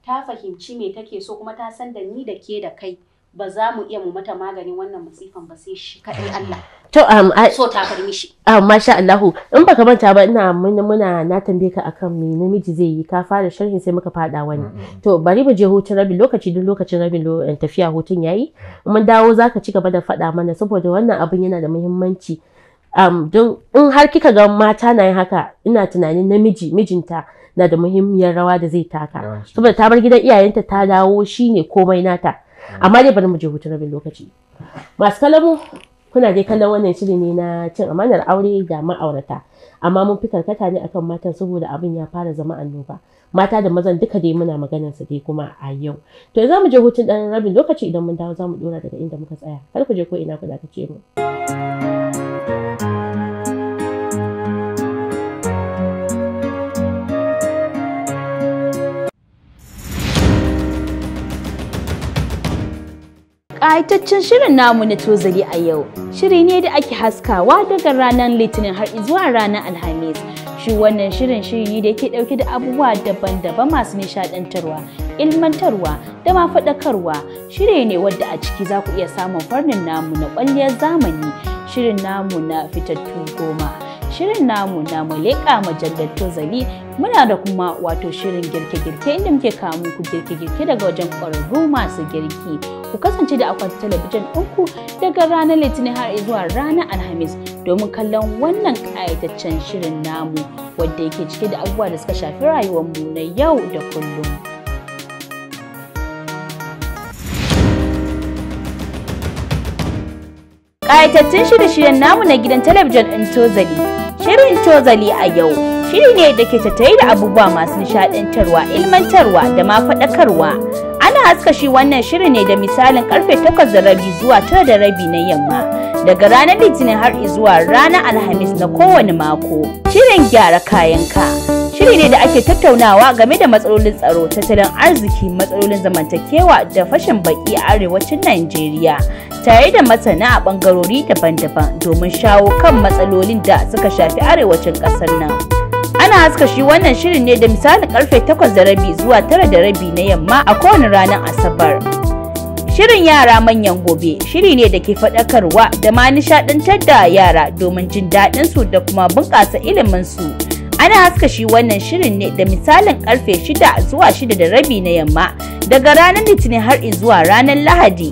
ta fahimci me take so kuma ta san da ni da ke da kai ba za mu iya mu mata maganin wannan masifan ba sai shi kaɗai Allah. To um, so ta farmi shi. Um, ah, masha Allahu in baka manta ba ina muna, muna na tambaye ka akan me namiji zai yi ka fara sharhin sai muka faɗa wani. Mm, mm, mm. To bari mu je hutun rabin lokaci duk lokacin rabin eh, tafiya hutun yi, Mun dawo zaka ci gaba da faɗa mana saboda wannan abin yana da muhimmanci. Um, don in har kika ga mata na yin haka ina tunanin namiji mijinta na da muhimmiyar rawa da zai taka saboda ta bar gidan iyayenta ta dawo shine komai nata amma dai bari mu je hutu rabin lokaci masu kalamu kuna dai kallon wannan shiri ne na cin amanar aure da ma'aurata amma mun fi karkata ne akan matan saboda abin ya fara zama annoba mata da mazan duka dai muna maganar su dai kuma a yau to za mu je hutun dan rabin lokaci idan mun dawo za mu dora daga inda muka tsaya kar ku je ko ina ku da ce mu ƙayataccen shirin namu na tozali a yau shiri ne da ake haskawa daga ranar litinin har zuwa ranar alhamis shi wannan shirin shiri ne da yake ɗauke da abubuwa daban-daban masu nishaɗantarwa ilmantarwa da ma faɗakarwa shiri ne wadda a ciki za ku iya samun farnin namu na kwalliyar zamani shirin namu na fitattun goma shirin namu na mu leƙa majallar tozali muna da kuma wato shirin girke-girke inda muke kamun ku girke-girke daga wajen ƙwararru masu girki ku kasance da akwatin talabijin ɗinku daga ranar litinin har zuwa ranar alhamis domin kallon wannan ƙayataccen shirin namu wadda yake cike da abubuwa da suka shafi rayuwarmu na yau da kullum. ƙayatattun shirin shiryen namu na gidan talabijin ɗin Tozali Shirin Tozali a yau shiri ne da ke tattare da abubuwa masu nishadantarwa, ilmantarwa da ma faɗakarwa. Ana haska shi wannan shirin ne da misalin karfe 8 da rabi zuwa 9 da rabi na yamma. Daga ranar Litinin har zuwa ranar Alhamis na kowane mako. Shirin gyara kayanka. Shiri ne da ake tattaunawa game da matsalolin tsaro, tattalin arziki, matsalolin zamantakewa da fashin baki a arewacin Najeriya, tare da masana a ɓangarori daban-daban domin shawo kan matsalolin da suka shafi arewacin ƙasar nan. ana haska shi wannan shirin ne da misalin karfe 8 da rabi zuwa 9 da rabi na yamma a kowane ranar asabar shirin yara manyan gobe shiri ne da ke faɗakarwa da ma nishaɗantar da yara domin jin daɗinsu da kuma bunƙasa iliminsu Ana haska shi wannan shirin ne da misalin karfe 6 zuwa 6 da rabi na yamma daga ranar Litinin har zuwa ranar Lahadi.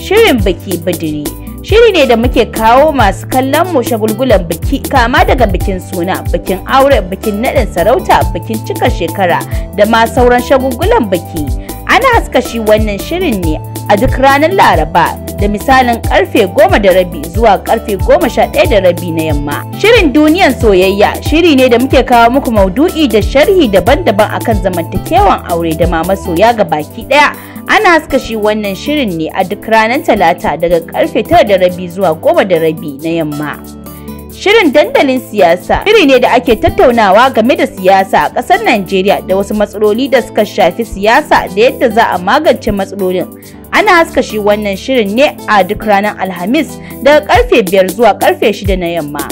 Shirin biki bidiri. Shiri ne da muke kawo masu kallon mu shagulgulan biki kama daga bikin suna, bikin aure, bikin naɗin sarauta, bikin cika shekara da ma sauran shagulgulan biki. Ana haska shi wannan shirin ne a duk ranar Laraba da misalin karfe goma da rabi zuwa karfe goma sha ɗaya da rabi na yamma. Shirin duniyar soyayya shiri ne da muke kawo muku maudu'i da sharhi daban-daban akan zamantakewan aure da ma masoya ga baki ɗaya. Ana haska shi wannan shirin ne a duk ranar Talata daga karfe tara da rabi zuwa goma da rabi na yamma. Shirin dandalin siyasa shiri ne da ake tattaunawa game da siyasa a ƙasar Najeriya da wasu matsaloli da suka shafi siyasa da yadda za a magance matsalolin ana haska shi wannan shirin ne a duk ranar alhamis daga karfe biyar zuwa karfe shida na yamma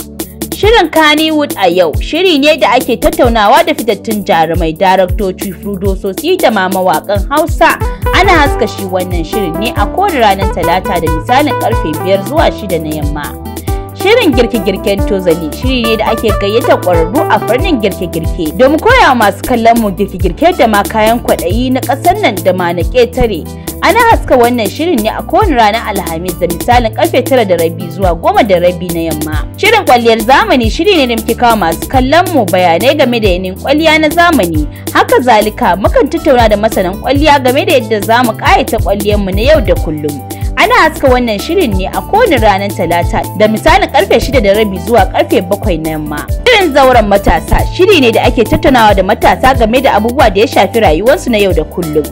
Shirin Kannywood a yau shiri ne da ake tattaunawa da fitattun jarumai daraktoci fudososi da ma mawaƙan Hausa. Ana haska shi wannan shirin ne a kowane ranar Talata da misalin karfe biyar zuwa shida na yamma. Shirin girke-girken tozali shiri ne da ake gayyatar ƙwararru a fannin girke-girke domin koyawa masu kallon mu girke-girke da ma kayan kwaɗayi na ƙasar nan da ma na ƙetare. Ana haska wannan shirin ne a kowane ranar Alhamis da misalin karfe tara da rabi zuwa goma da rabi na yamma. Shirin kwalliyar zamani shiri ne da muke kawo masu kallon mu bayanai game da yanayin kwalliya na zamani. Haka zalika mukan tattauna da masanan kwalliya game da yadda za mu kayata kwalliyar mu na yau da kullum. Ana haska wannan shirin ne a kowane ranar Talata da misalin karfe shida da rabi zuwa karfe bakwai na yamma. Shirin zauren matasa shiri ne da ake tattaunawa da matasa game da abubuwa da ya shafi rayuwarsu na yau da kullum.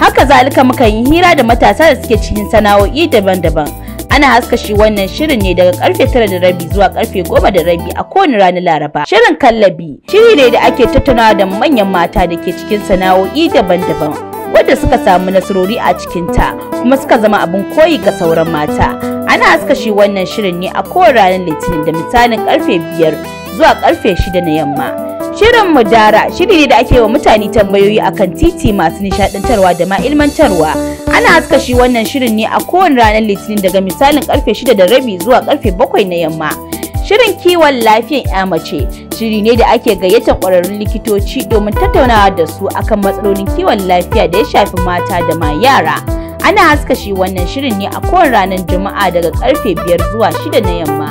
haka zalika muka yi hira da matasa da suke cikin sana'o'i daban-daban ana haska shi wannan shirin ne daga karfe tara da rabi zuwa karfe goma da rabi a kowane ranar laraba shirin kallabi shiri ne da ake tattaunawa da manyan mata da ke cikin sana'o'i daban-daban wadda suka samu nasarori a cikinta kuma suka zama abin koyi ga sauran mata ana haska shi wannan shirin ne a kowace ranar litinin da misalin karfe biyar zuwa karfe shida na yamma Shirin Mudara shiri ne da ake wa mutane tambayoyi akan titi masu nishadantarwa da ma ilmantarwa. Ana haska shi wannan shirin ne a kowane ranar Litinin daga misalin karfe shida da rabi zuwa karfe bakwai na yamma. Shirin kiwon lafiyan ya mace shiri ne da ake gayyatar kwararrun likitoci domin tattaunawa da su akan matsalolin kiwon lafiya da ya shafi mata da ma yara. Ana haska shi wannan shirin ne a kowane ranar Juma'a daga karfe 5 zuwa 6 na yamma.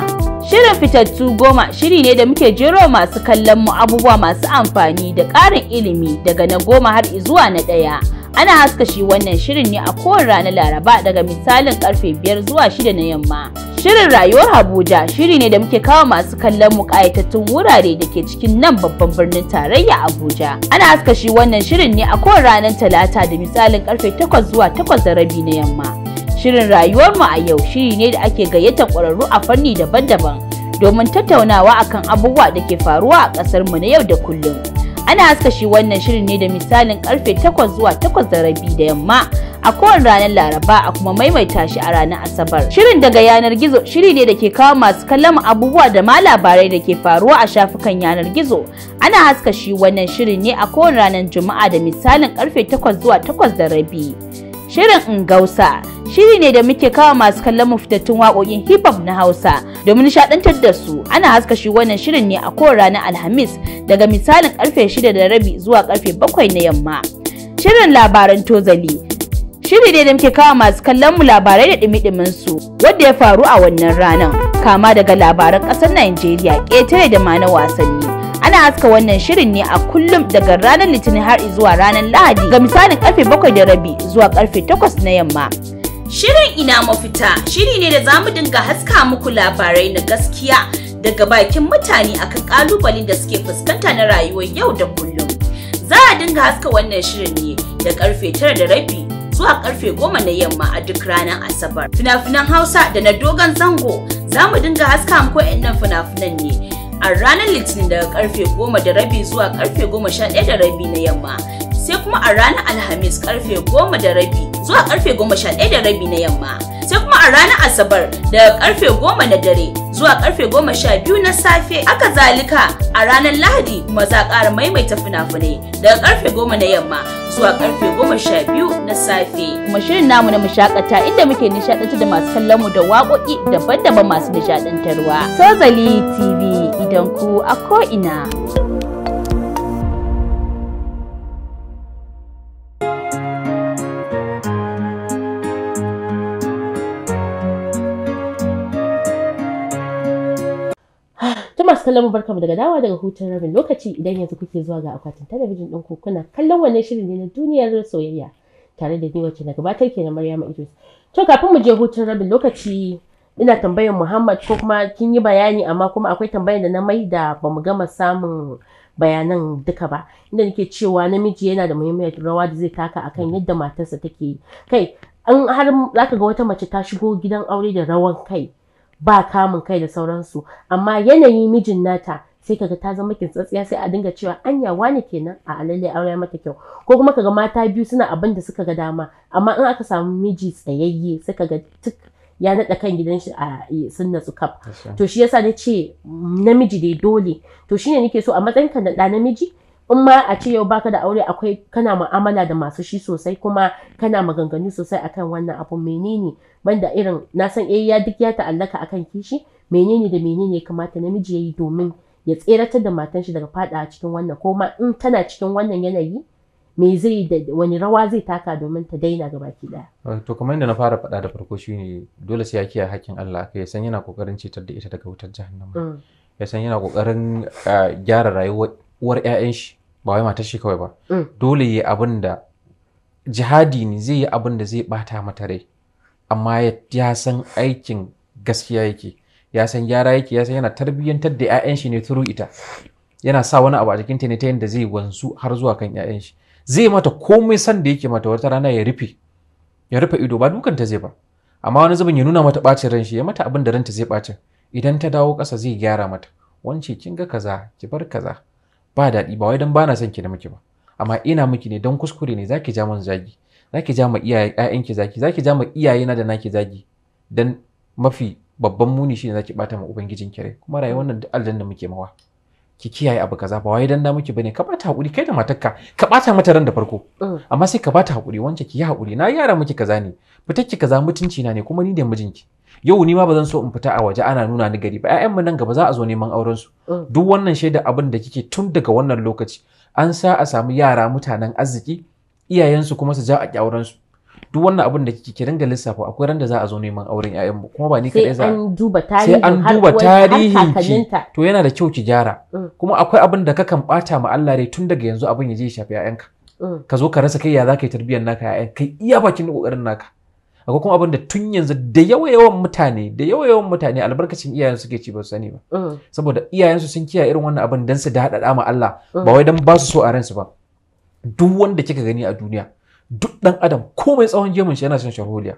Shirin fitattu goma shiri ne da muke jero masu kallon mu abubuwa masu amfani da ƙarin ilimi daga na goma har zuwa na ɗaya. Ana haska shi wannan shirin ne a kowane ranar Laraba daga misalin karfe biyar zuwa shida na yamma. Shirin rayuwar Abuja shiri ne da muke kawo masu kallon mu kayatattun wurare da ke cikin nan babban birnin tarayya Abuja. Ana haska shi wannan shirin ne a kowane ranar Talata da misalin karfe takwas zuwa takwas da rabi na yamma. Shirin rayuwar mu a yau shiri ne da ake gayyatar ƙwararru a fanni daban-daban domin tattaunawa akan abubuwa da ke faruwa a ƙasar mu na yau da kullum. Ana haska shi wannan shirin ne da misalin karfe 8 zuwa 8 da rabi da yamma a kowane ranar Laraba a kuma maimaita shi a ranar Asabar. Shirin daga yanar gizo shiri ne da ke kawo masu kallon abubuwa da ma labarai da ke faruwa a shafukan yanar gizo. Ana haska shi wannan shirin ne a kowane ranar Juma'a da misalin karfe 8 zuwa 8 da rabi. Shirin in Ngausa shiri ne da muke kawo masu kallon mu fitattun waƙoƙin hip hop na Hausa domin nishaɗantar da su. Ana haska shi wannan shirin ne a kowace ranar Alhamis daga misalin karfe 6 da rabi zuwa karfe 7 na yamma. Shirin labaran tozali shiri ne da muke kawo masu kallon mu labarai da ɗimi su wanda ya faru a wannan ranar kama daga labaran ƙasar Najeriya ƙetare da ma na wasanni. ana haska wannan shirin ne a kullum daga ranar litinin har zuwa ranar lahadi ga misalin karfe bakwai da rabi zuwa karfe takwas na yamma shirin ina mafita shiri ne da za mu dinga haska muku labarai na gaskiya daga bakin mutane akan kalubalen da suke fuskanta na rayuwar yau da kullum za a dinga haska wannan shirin ne da karfe tara da rabi zuwa karfe goma na yamma a duk ranar asabar fina-finan hausa da na dogon zango za mu dinga haska muku nan fina-finan ne a ranar litinin daga karfe goma da rabi zuwa karfe goma sha ɗaya da rabi na yamma sai kuma a ranar Alhamis karfe goma da rabi zuwa karfe goma sha ɗaya da rabi na yamma. Sai kuma a ranar Asabar daga karfe goma na dare zuwa karfe goma sha biyu na safe. Aka zalika a ranar Lahadi kuma za a ƙara maimaita fina-finai daga karfe goma na yamma zuwa karfe goma sha biyu na safe. Kuma shirin namu na mushakata inda muke nishaɗanta da masu kallon mu da waƙoƙi daban-daban masu nishaɗantarwa. Tozali TV idan ku a ko'ina. ina. kallon barkamu daga dawa daga hutun rabin lokaci idan yanzu kuke zuwa ga akwatin talabijin ɗin ku kuna kallon wannan shirin ne na duniyar soyayya tare da ni wacce na gabatar kenan Maryama Idris. To kafin mu je hutun rabin lokaci ina tambayar Muhammad ko kuma kin yi bayani amma kuma akwai tambayar da na mai da bamu gama samun bayanan duka ba inda nake cewa namiji yana da muhimmiyar rawa da zai taka akan yadda matarsa take kai an har zaka ga wata mace ta shigo gidan aure da rawan kai ba kamun kai da sauransu amma yanayin mijin nata sai kaga ta zama kintsatsiya sai a dinga cewa anya wani kenan a alalle aure mata kyau ko kuma kaga mata biyu suna abin da suka ga dama amma in aka samu miji tsayayye sai ga tuk ya naɗa kan gidan shi a sun natsu kaf to shi yasa na ce namiji dai dole to shine nake so a matsayin ka da namiji in ma a ce yau baka da aure akwai kana mu'amala da masu shi sosai kuma kana maganganu sosai akan wannan abu menene banda irin na san eh ya duk ya ta'allaka akan kishi menene da menene ya kamata namiji ya yi domin ya tseratar da matan shi daga fada cikin wannan ko ma in tana cikin wannan yanayi me zai da wani rawa zai taka domin ta daina ga baki daya eh, to kamar yadda na fara faɗa da farko shine dole sai ya kiyaye hakkin Allah kai san yana kokarin cetar da ita daga wutar jahannama mm. ya san yana kokarin eh, gyara rayuwar uwar 'ya'yan shi ba wai mata shi kawai ba mm. dole yi abin da jihadi ne zai yi abin da zai bata mata rai amma ya san aikin gaskiya yake ya san yara yake ya san yana tarbiyyantar da 'ya'yan shi ne turu ita yana sa wani abu a jikinta ne ta da zai wanzu har zuwa kan 'ya'yan shi zai mata komai san da yake mata wata rana ya rufe ya rufe ido ba dukanta zai ba amma wani zubin ya nuna mata bacin ran shi ya mata abin da ranta zai bacin idan ta dawo ƙasa zai gyara mata wance kin ga kaza ki bar kaza ba daɗi ba wai dan bana son ki da miki ba amma ina miki ne don kuskure ne zaki ja mun zagi zaki ja ma iyaye ƴaƴanki zaki zaki ja ma iyaye na da naki zagi dan mafi babban muni shine zaki bata ma ubangijin kire kuma rayuwar wannan duk da muke mawa ki kiyaye abu kaza ba wai dan da muke bane ka bata hakuri kai da matarka ka bata mata ran da farko mm. amma sai ka bata hakuri wance ki yi hakuri na yara miki kaza ne fitar ki kaza mutunci na ne kuma ni da mijinki yau ni ma ba zan so in fita a waje ana nuna ni gari ba ƴaƴan mu nan gaba za a zo neman auren su mm. duk wannan shaida abin da kike tun daga wannan lokaci an sa a samu yara mutanen arziki iyayensu kuma su ja a auren su duk wannan abin da kike ringa lissafa akwai ran da za a zo neman auren ƴaƴan mu kuma ba ni kadai za sai an duba tarihin sai an duba tarihin ki to yana da kyau ki gyara mm. kuma akwai abin da kakan bata ma Allah rai tun daga yanzu abin ya je shafi ƴaƴanka mm. ka zo ka rasa kai ya za ka yi tarbiyyar naka ƴaƴan kai iya bakin kokarin naka akwai kuma abin da tun yanzu da yawa yawan mutane da yawa yawan mutane albarkacin iyayen suke ci ba su sani ba mm. saboda su sun kiyaye irin wannan abin dan su da haɗa ma Allah mm. ba wai dan ba su so a ransu ba duk wanda kika gani a duniya duk dan adam komai tsawon jemin shi yana son sharholiya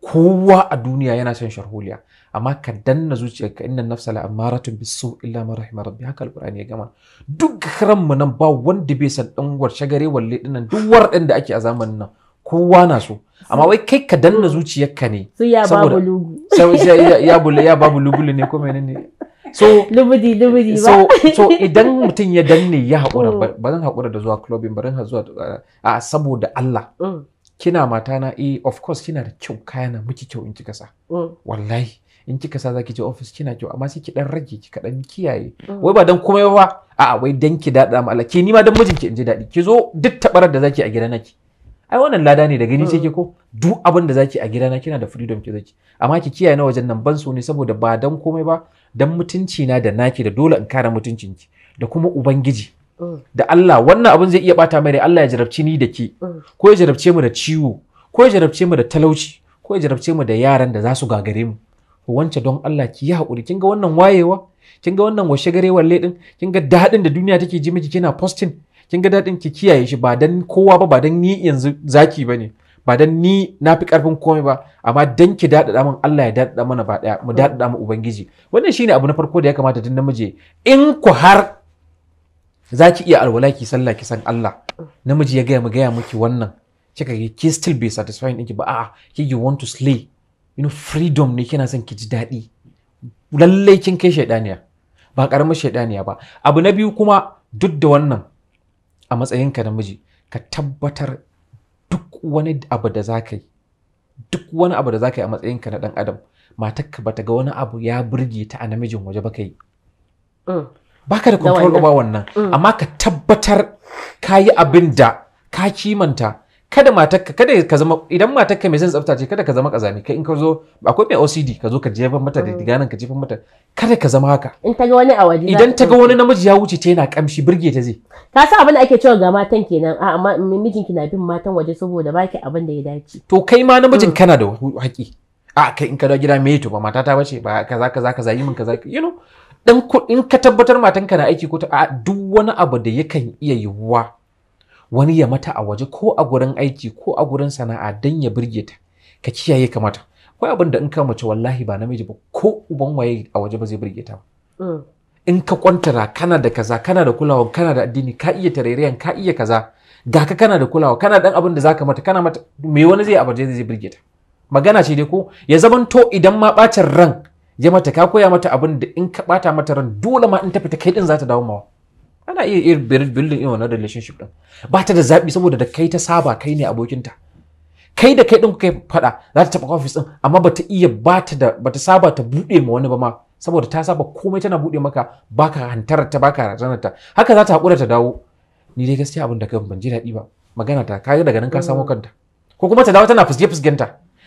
kowa a duniya yana son sharholiya amma ka danna zuciyarka inna nafsa la amaratun bisu illa ma rahima rabbi haka alqur'ani ya gama duk karan mu nan ba wanda bai san dan war shagare walle dinnan duk war da ake a zamanin nan kowa na so amma wai kai ka danna zuciyarka ne su ya babu lugu ya babu ne ko menene so lubudi lubudi ba so idan mutum ya danne ya haƙura mm. ba zan haƙura da zuwa clubbing ba zan zuwa a saboda Allah mm. kina mata na eh of course kina da kyau kaya na miki kyau in kika sa mm. wallahi in kika sa zaki je office kina kyau amma sai ki dan rage ki kadan kiyaye wai ba dan komai ba a'a wai dan ki dada ma Allah ke ni ma dan mijinki in ji dadi ki zo duk tabarar da zaki a gida naki ai wannan lada ne da gani sai hmm. ke ko duk abin da zaki a gidana kina da freedom ki zaki amma ki kiyaye na wajen nan ban so ne saboda ba dan komai ba dan mutunci na da naki da dole in kare mutuncin ki da kuma ubangiji hmm. da Allah wannan abin zai iya bata mai Allah ya jarabci ni da ki hmm. ko ya jarabce mu da ciwo ko ya jarabce mu da talauci ko ya jarabce mu da yaran da za su gagare mu wance don Allah ki yi hakuri kin ga wannan wayewa kin ga wannan washe garewar ledin kin ga daɗin da duniya take ji miki kina posting kin ga daɗin ki kiyaye shi ba dan kowa ba ba dan ni yanzu zaki bane ba dan ni na fi karfin komai ba amma dan ki daɗaɗa min Allah ya daɗaɗa mana ba ɗaya mu daɗaɗa mu ubangiji wannan shine abu na farko da ya kamata duk namiji in ku har zaki iya alwala ki sallah ki san Allah namiji ya gaya mu gaya miki wannan kika ki ki still be din ki ba a'a ki you want to slay you know freedom ne kina son ki ji daɗi lallai kin kai shaydaniya ba karamin shaydaniya ba abu na biyu kuma duk da wannan a matsayinka na miji ka tabbatar duk wani abu da za ka yi duk wani abu da za ka yi a matsayinka na dan adam matarka bata ga wani abu ya burge ta a namijin waje ba ka yi mm. baka da control ba wannan mm. amma ka tabbatar ka yi abin da ka kimanta kada matarka kada ka zama idan matarka mai son tsafta ce kada ka zama kazami kai in ka zo akwai mai OCD ka zo ka jefan mata da diganan mm. ka jefan mata kada ka zama haka in ta ga wani a waje idan ta ga wani namiji ya wuce ta yana kamshi burge ta zai ka san abin da ake cewa ga matan kenan a amma mijin ki na bin matan waje saboda baki abin da ya dace to kai ma namijin mm. kana da haƙi a kai in ka dawo gida me to ba mata ta bace ba kaza kaza kaza yi min kaza you know dan in ka tabbatar matanka na aiki ko ta duk wani abu da yakan iya yiwuwa wani ya mata a waje ko a gurin aiki ko a gurin sana'a dan ya birge ta ka kiyaye ka mata akwai abin da in ka mace wallahi ba namiji ba ko uban waye a waje ba zai birge ta ba mm. in ka kwantara kana da kaza kana da kulawa kana da addini ka iya tarairayan ka iya kaza ga ka kana da kulawa kana dan abin da zaka mata kana mata me wani zai abaje zai birge ta magana ce dai ko ya zamanto idan ma bacin ran ya mata ka koya mata abin da in ka bata mata ran dole ma in ta fita kai din za ta dawo mawa ana iya irin building irin wannan relationship din ba ta da zaɓi saboda da kai ta saba kai ne abokinta kai da kai din kai faɗa za ta taɓa ofis din amma ba ta iya ba ta da ba ta saba ta buɗe ma wani ba ma saboda ta saba komai tana buɗe maka baka hantarar ta baka razanar ta haka za ta haƙura ta dawo ni dai gaskiya abin da kai ban ji daɗi ba magana ta kai daga nan ka samo kanta ko kuma ta dawo tana fuske fuskenta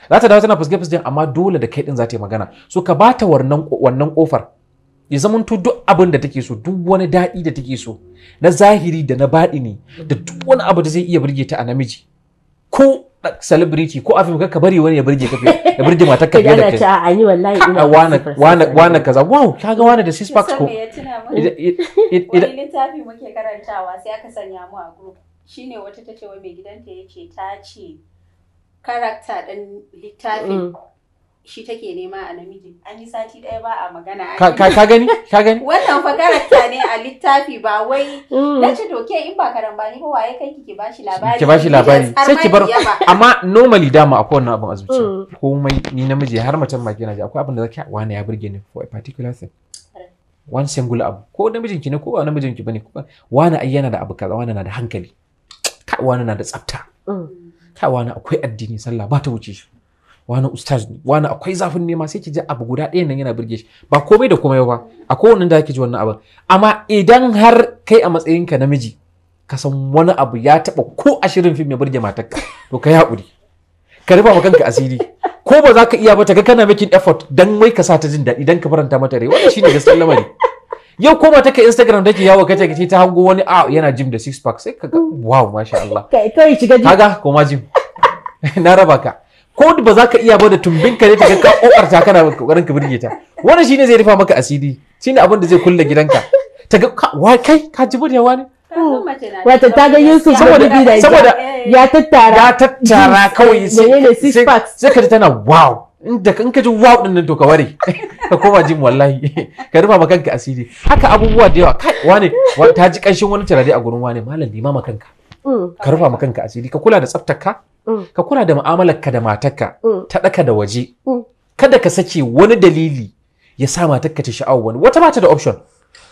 za ta dawo tana fuske fusgen amma dole da kai din za ta yi magana so ka ba ta wannan kofar ya zamanto duk abin da take so duk wani daɗi da take so na zahiri da na baɗi ne da duk wani abu da zai iya burge ta a namiji ko celebrity ko afim ka bari wani ya burge kafe ya burge matar ka da kai ta ani wallahi ina wana wana wana kaza wow kaga wani da six packs ko wani littafi muke karantawa sai aka sanya mu a group shine wata tace wa mai gidanta yace ta ce character din littafin mm. shi take nema a namiji an yi sati ɗaya ba a magana ka gani ka gani wannan fa ta ne a littafi ba wai mm. na ce doke in ba karambani ba waye kai kike shi labari ki shi labari sai ki bar amma normally dama akwai wannan abin a zuciya mm. komai ni namiji har macen ma kina ji akwai abin da zaka wani ya burge ni for a particular thing one single abu ko namijin ki ne ko ba namijin ki bane wani ai yana da abu kaza wani na da hankali kai wani na da tsafta mm. kai wani akwai addini sallah ba ta wuce shi wani ustaz ne wani akwai zafin nema sai ki ji abu guda ɗaya nan yana birge shi ba komai da komai ba a wannan da ki ji wannan abin amma idan har kai a matsayinka namiji ka san wani abu ya taba ko ashirin fim ya burge matarka to ka haƙuri ka rufa kanka asiri ko ba za ka iya ba ta ga kana making effort dan wai ka sa ta jin daɗi dan ka faranta mata rai wannan shine gaskiyar lamari yau ko mata ka instagram take yawo kace kace ta hango wani a ah, yana gym da six pack sai ka wow masha Allah kai kai shiga gym kaga ko ma gym na raba ka ko ba za ka iya ba da tumbin ka ne ta ka ta kana kokarin ka birge ta wannan shine zai rufa maka asiri shine abin da zai kulle gidanka ta ga wa kai ka ji buryawa ne wato ta ga Yusuf saboda da saboda ya tattara ya tattara kawai sai sai ka tana wow inda in ka ji wow din nan to ka ware ka koma jin wallahi ka rufa ma kanka asiri haka abubuwa da yawa kai wane ta ji kanshin wani turare a gurin wane malam limama ma kanka mm. ka rufa ma kanka asiri ka kula da tsaftar ka Mm. ka kula da ka da matarka mm. ta daka da waje mm. kada ka sake wani dalili ya sa matarka ta sha'awu wani wata bata da option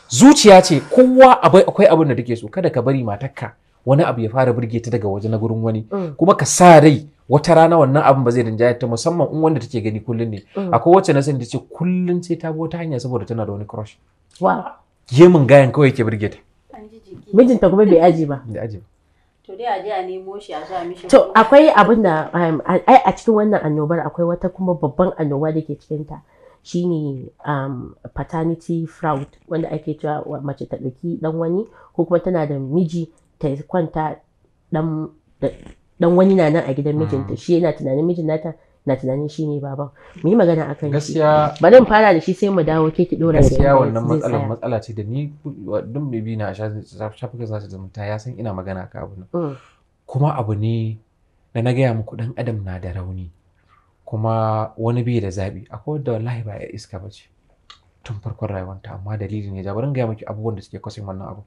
zuciya ce kowa akwai abin da take so kada ka bari matarka wani abu ya fara burge ta daga waje na gurin wani kuma ka sa rai wata rana wannan abin ba zai rinjaye ta musamman in wanda take gani kullun ne akwai wacce na sani ta ce kullun sai ta bi wata hanya saboda tana da wani crush wow gemin gayan kawai yake burge ta mijinta kuma bai aji ba bai aji ba To akwai abin da um, ai a cikin wannan annobar akwai wata kuma babban annoba da ke cikin ta shine um, paternity fraud wanda ake cewa mace ta ɗauki ɗan wani ko kuma tana da miji ta kwanta ɗan wani na nan a gidan mijinta mm. shi yana tunanin mijin nata na tunanin shi ne baban mu yi magana akan shi gaskiya bari mu fara da shi sai mu dawo ke ki dora gaskiya wannan matsalar matsala ce da ni duk mai bi na shafukan zasu zumunta ya san ina magana ka abu mm. kuma abu ne da na gaya muku dan adam na da rauni kuma wani bai da zabi akwai wadda wallahi ba ya iska ba ce tun farkon rayuwarta amma dalilin ya jabarin gaya muku abubuwan da suke kwasin wannan abu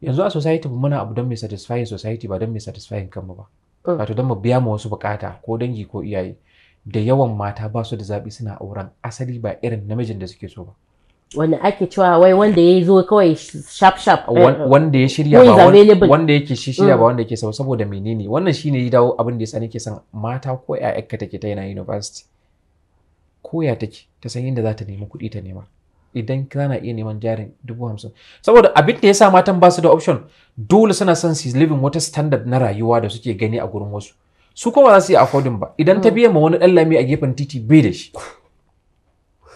yanzu a society muna abu don mai satisfying society ba don mai satisfying kanmu ba mm. wato don mu biya mu wasu bukata ko dangi ko iyaye da yawan mata ba su da zaɓi suna auren asali ba irin namijin da suke so ba wani ake cewa wai wanda ya zo kawai sharp sharp eh, wanda ya shirya ba wanda yake shi shirya ba mm. wanda yake sau saboda menene wannan ne ya dawo abin da ya sani ke san mata ko ƴaƴanka take ta yana university ko ya take ta san inda za ta nemi kuɗi ta nema idan na iya neman jarin dubu hamsin saboda abin da ya sa matan ba su da option dole suna son su living wata standard na rayuwa da suke gani a gurin wasu su kowa za su yi akwadin ba idan ta mm. biya ma wani dan lami a gefen titi bai da shi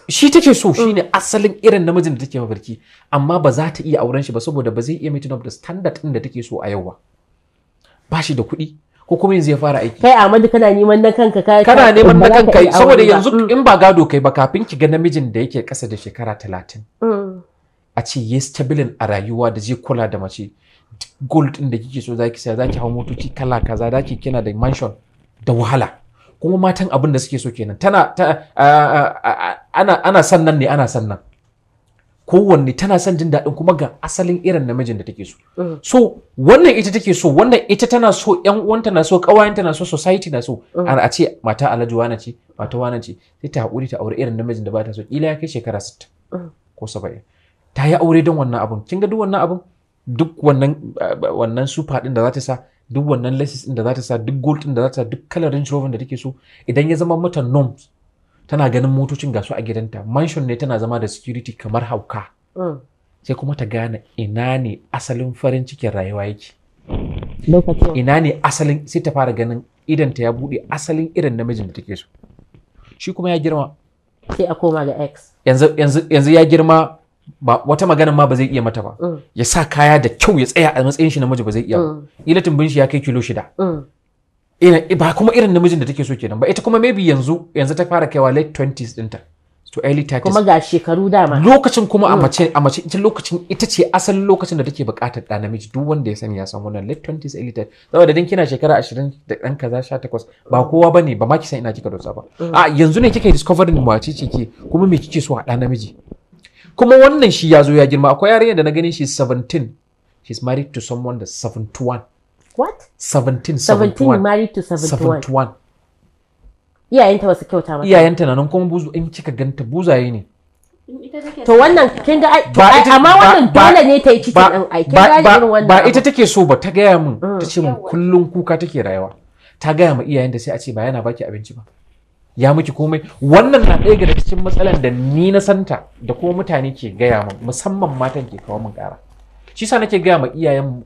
shi take so Shi mm. ne asalin irin namijin da take mafarki amma ba za ta iya auren shi ba saboda ba zai iya meeting of da standard din da take so a yau ba ba shi da kuɗi ko kuma yanzu ya fara aiki kai Ahmadu kana neman na kanka kai kana neman na kanka saboda yanzu mm. in ba gado kai ba kafin ki ga namijin da yake ƙasa da shekara talatin a ce stabilin a rayuwa da zai kula da mace gold din da kike so zaki saya zaki hau motoci kala kaza zaki kina da mansion da wahala kuma matan abin da suke so kenan tana ta, ana ana san nan ne ana san nan kowanne tana son jin daɗin kuma ga asalin irin namijin da take so mm. so wannan ita take so wannan ita tana so yan uwanta na so ƙawayenta na so society na so mm. a ce mata alhaji wana ce mata wana ce sai ta haƙuri ta aure irin namijin da ba ta so kila ya kai shekara 60 mm. ko 70 ta yi aure don wannan abun kin ga duk wannan abun duk wannan eh, wannan super din da za ta sa duk wannan laces din da za ta sa duk gold din da za ta sa duk kalar range rover da take so idan ya zama mata norms tana ganin motocin gasu a gidanta mansion ne tana zama da security kamar hauka mm. sai kuma ta gane ina ne asalin farin cikin rayuwa yake ina ne asalin sai ta fara ganin idanta ya buɗe asalin irin namijin da take so shi kuma ya girma sai a koma ga x yanzu ya girma ba wata magana ma ba zai iya mata ba mm. ya sa kaya da kyau ya tsaya a matsayin shi namiji ba zai iya ba mm. ila tumbin shi ya kai kilo shida mm. ba kuma irin namijin da take so kenan ba ita kuma maybe yanzu yanzu ta fara kaiwa late 20s dinta to early 30s kuma ga shekaru dama lokacin kuma a mace a mace ita lokacin ita ce asalin lokacin da take buƙatar da namiji duk wanda ya sani ya san wannan late 20s early 30s saboda dan kina shekara 20 da dan kaza 18 ba kowa bane ba ma ki san ina kika dosa ba a yanzu ne kika discovering a ce ke kuma me kike so a da namiji kuma wannan shi ya zo ya girma akwai yarinya da na ganin shi 17 she's married to someone da 71 what 17 17 married to 71 71 iyayenta ba su kyauta mata iyayenta na nan kuma buzu in kika ganta buzaye ne to wannan kin ga amma wannan dole ne ta yi cikin ɗan aiki ba ita take so ba ta gaya min ta mm. ce min kullum kuka take rayuwa ta gaya ma iyayen da sai a ce ba yana baki abinci ba ya miki komai wannan na ɗaya daga cikin matsalan da ni na santa da kuma mutane ke gaya min musamman matan ke kawo min ƙara shi sa nake gaya ma iyayen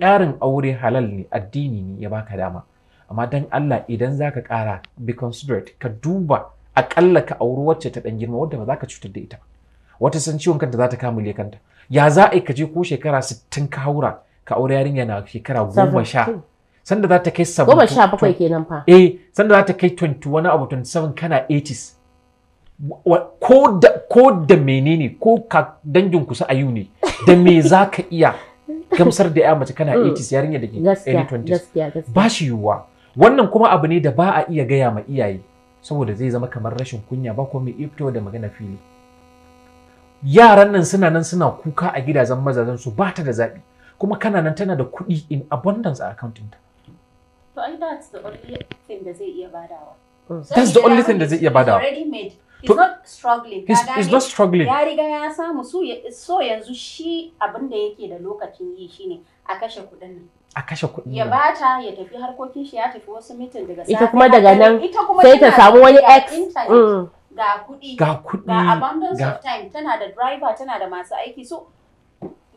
ƙarin aure halal ne addini ne ya baka dama amma dan Allah idan zaka ƙara be considerate ka duba aƙalla ka auri wacce ta ɗan girma wadda ba za ka cutar da ita wata san ciwon kanta za ta kamule kanta ya za a yi ka je ko shekara sittin ka haura ka aure yarinya na shekara goma sha sanda za ta kai 70 goma sha bakwai kenan fa eh sanda za ta kai 20 wani abu 27 kana 80s ko da ko da menene ko ka dangin kusa ayu ne da me za ka iya gamsar da ya mace kana 80s mm. yarinya da ke 20s ba shi yiwuwa wannan kuma abu ne da ba a iya gaya ma iyaye saboda zai zama kamar rashin kunya ba ko mai iftowa da magana fili yaran nan suna nan suna kuka a gidajen mazajen su ba ta da zaɓi kuma kana nan tana da kuɗi in abundance a akauntun ta To ai that's the only thing da zai iya badawa. Hmm. That's the only thing da zai iya badawa. Already made. He's not struggling. He's, he's not struggling. Ya riga ya samu so yanzu shi abin da yake da lokacin yi shine a kashe kuɗin nan. a kashe kuɗi ya bata ya tafi harkokin shi ya tafi wasu mitin daga sa ita kuma daga nan sai ta samu wani ex hmm. ga kuɗi ga kuɗi ga abundance of time tana da driver tana da masu aiki so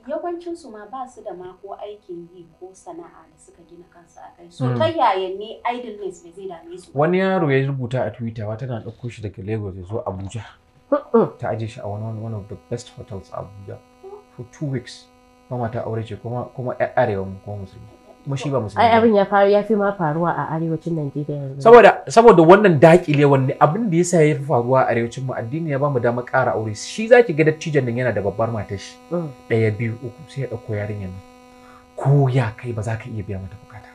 yawancinsu ma ba su da ma ko aikin yi ko sana'a da suka gina kansu a kai so hmm. ta yaya ne idleness bai zai dame su wani yaro ya rubuta a twitter wa tana ɗauko shi daga lagos ya zo abuja ta aje shi a wani one of the best hotels a abuja for two weeks mama ta aure ce kuma kuma arewa mu kuma musulmi kuma musulmi ai abin ya faru ya fi ma faruwa a arewacin Najeriya saboda saboda wannan dakile wanne abin da yasa ya fi faruwa a arewacin mu addini ya ba mu dama ƙara aure shi zaki ga dattijan nan yana da babbar mata shi mm. ɗaya biyu uku sai ya ɗauko yarinya nan ko ya kai ba za ka iya biya mata bukata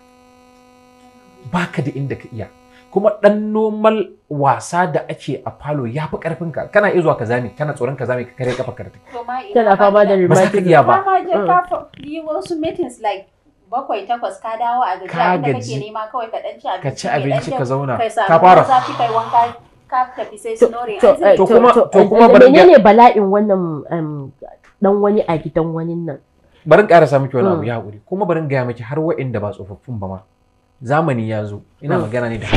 baka da inda ka iya kuma ɗan normal wasa da ake a falo ya fi karfin ka kana iya zuwa ka zame kana tsoron ka zame ka kare kafa ka da take kana fama da rheumatic ba za ka iya ka mm. yi wasu meetings like bakwai takwas ka dawo a gaji abinda kake nema kawai ka dan ci abinci ka ci abinci ka zauna ka fara zafi kai wanka ka tafi sai snoring to kuma to kuma bari menene bala'in wannan dan wani a gidan wani nan barin karasa miki wani hmm. abu ya hakuri kuma barin gaya miki har wa'inda ba tsofaffin ba ma zamani ya zo ina hmm. magana ne da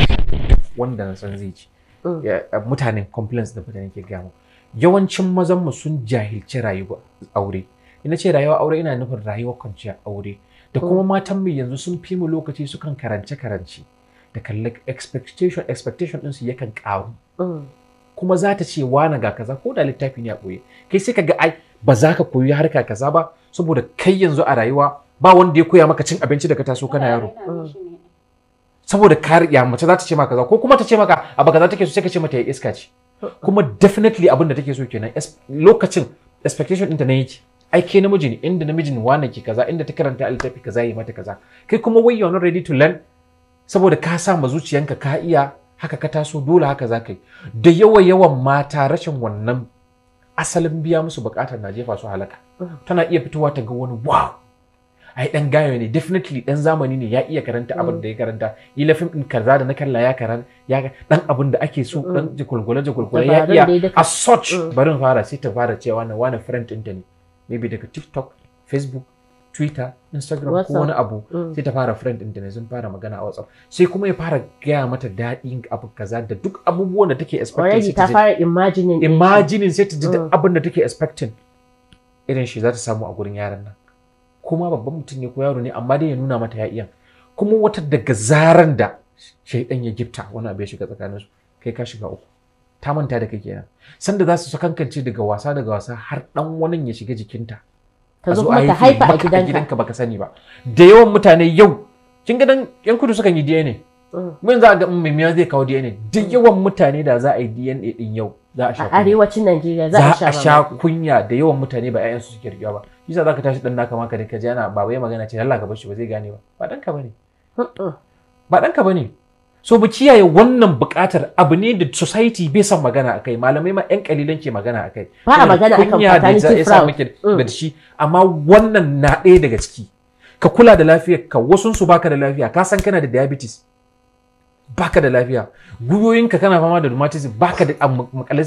wanda na san zai ci hmm. mutanen complaints da mutane ke gama. yawancin mazan mu sun jahilci rayuwa aure ina ce rayuwa aure ina nufin rayuwar kwanciya aure da kuma matan mu yanzu sun fi mu lokaci sukan karance karance da kalli expectation expectation ɗinsu yakan ƙaru mm. kuma za ta ce wana ga kaza ko da littafi ne a ɓoye kai sai ka ga ai ba za ka koyi harka kaza ba saboda kai yanzu a rayuwa ba wanda ya koya maka cin abinci da ka taso kana yaro saboda ka riya mace za ta ce maka kaza ko kuma ta ce maka abu kaza take so sai ka ce mata ya iska ce mm. kuma definitely abin da take so kenan lokacin expectation ɗinta na yake ai ke namiji ne inda namijin wane ke kaza inda ta karanta a littafi kaza yi mata kaza kai kuma wai you're not ready to learn saboda ka sa ma zuciyanka ka iya haka ka taso dole haka za ka yi da yawa yawan mata rashin wannan asalin biya musu bukatar na jefa su halaka tana iya fitowa ta ga wani wow ai dan gayo ne definitely dan zamani ne ya iya karanta abin da ya karanta ila fim din kaza da na kalla ya karan ya dan abin da ake so dan mm. jikulgula jikulgula ya iya a such mm. barin fara sai ta fara cewa na wani friend ta ne maybe daga tiktok facebook twitter instagram ko wani abu mm. sai ta fara friend din da sun fara magana a whatsapp sai kuma ya fara gaya mata daɗin abu kaza da duk abubuwan da take expecting ta fara imagining imagining sai ta ji duk mm. abin da take expecting irin shi za ta samu a gurin yaran nan kuma babban mutum ne ko yaro ne amma dai ya nuna mata ya iya kuma wata daga zaran da shaidan ya gifta wani abu ya shiga tsakaninsu kai ka shiga uku ta manta da kai kenan sanda za su sakankance daga wasa daga wasa har dan wanin ya shiga jikinta ta zo ta haifa a gidanka baka sani ba da yawan mutane yau kin ga dan yan kudu sukan yi DNA mun mm. za a ga mai zai kawo DNA da mm. yawan mutane da za a yi DNA din yau za a sha arewacin Najeriya za a sha kunya da yawan mutane ba ƴaƴan su suke riga ba yasa zaka tashi dan naka maka da ka ana baba ya magana ce Allah ka bar shi ba zai gane ba ba dan ka bane ba dan ka bane so mu kiyaye wannan buƙatar abu ne da society bai san magana akai malamai ma yan kalilan ke magana akai ba a magana akan paternity fraud mm. da shi amma wannan na ɗaya daga ciki ka kula da lafiyar ka wasun su baka da lafiya ka san kana da diabetes baka da lafiya ka kana fama da rheumatism baka da makale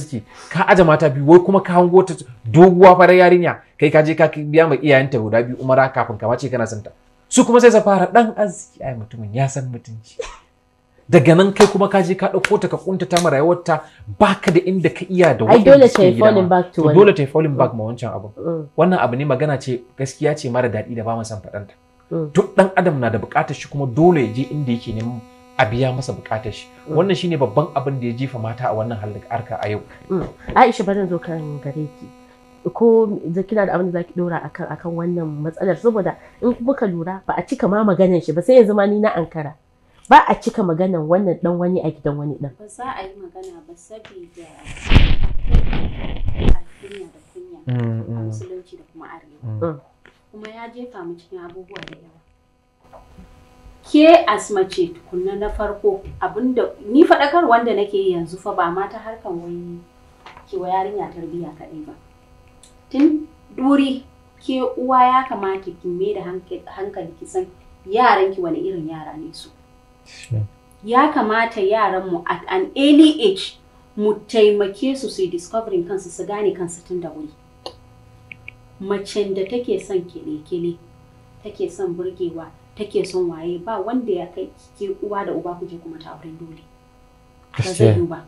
ka aje mata biyu wai kuma ka hango ta doguwa farar yarinya kai ka je ka biya ma iyayenta guda biyu umara kafin ka wace kana santa su kuma sai sa fara dan arziki ai mutumin ya san mutunci daga nan kai kuma ka ka ɗauko ta ka kuntata ta marayawarta baka da inda ka iya da wani dole ta yi falling back to dole ta yi falling back ma wancan abu. Mm. wannan abu ne magana ce gaskiya ce mara daɗi da ba mu san faɗanta mm. duk ɗan adam na da buƙatar shi kuma dole ya je inda yake neman a biya masa bukatar shi mm. wannan shine babban abin da ya jefa mata a wannan halin arka a yau Aisha bana zo kan gare ki ko kina da abin da zaki dora akan akan wannan matsalar saboda in kuka lura ba a cika ma maganar shi ba sai ya zama ni na ankara ba a cika maganan wannan dan wani a gidan wani dan ba za a yi magana ba saboda alkunya da kunya mm, a mm. musulunci da kuma arewa mm. kuma ya jefa mu cikin abubuwa da yawa ke asmace tukunna na farko abinda ni faɗakar wanda nake yanzu fa ba ma ta harkan wani kewa yarinya tarbiyya kaɗai ba tun duri ke uwa ya kamata ki mai da hankali ki san yaranki wani irin yara ne su ya kamata yaranmu at an early age mu taimake su su discovering kansu su gane kansu tun da wuri mace da take son kele-kele take son burgewa take son waye ba wanda ya kai ke uwa da uba kuje kuma ta dole ba zai yi ba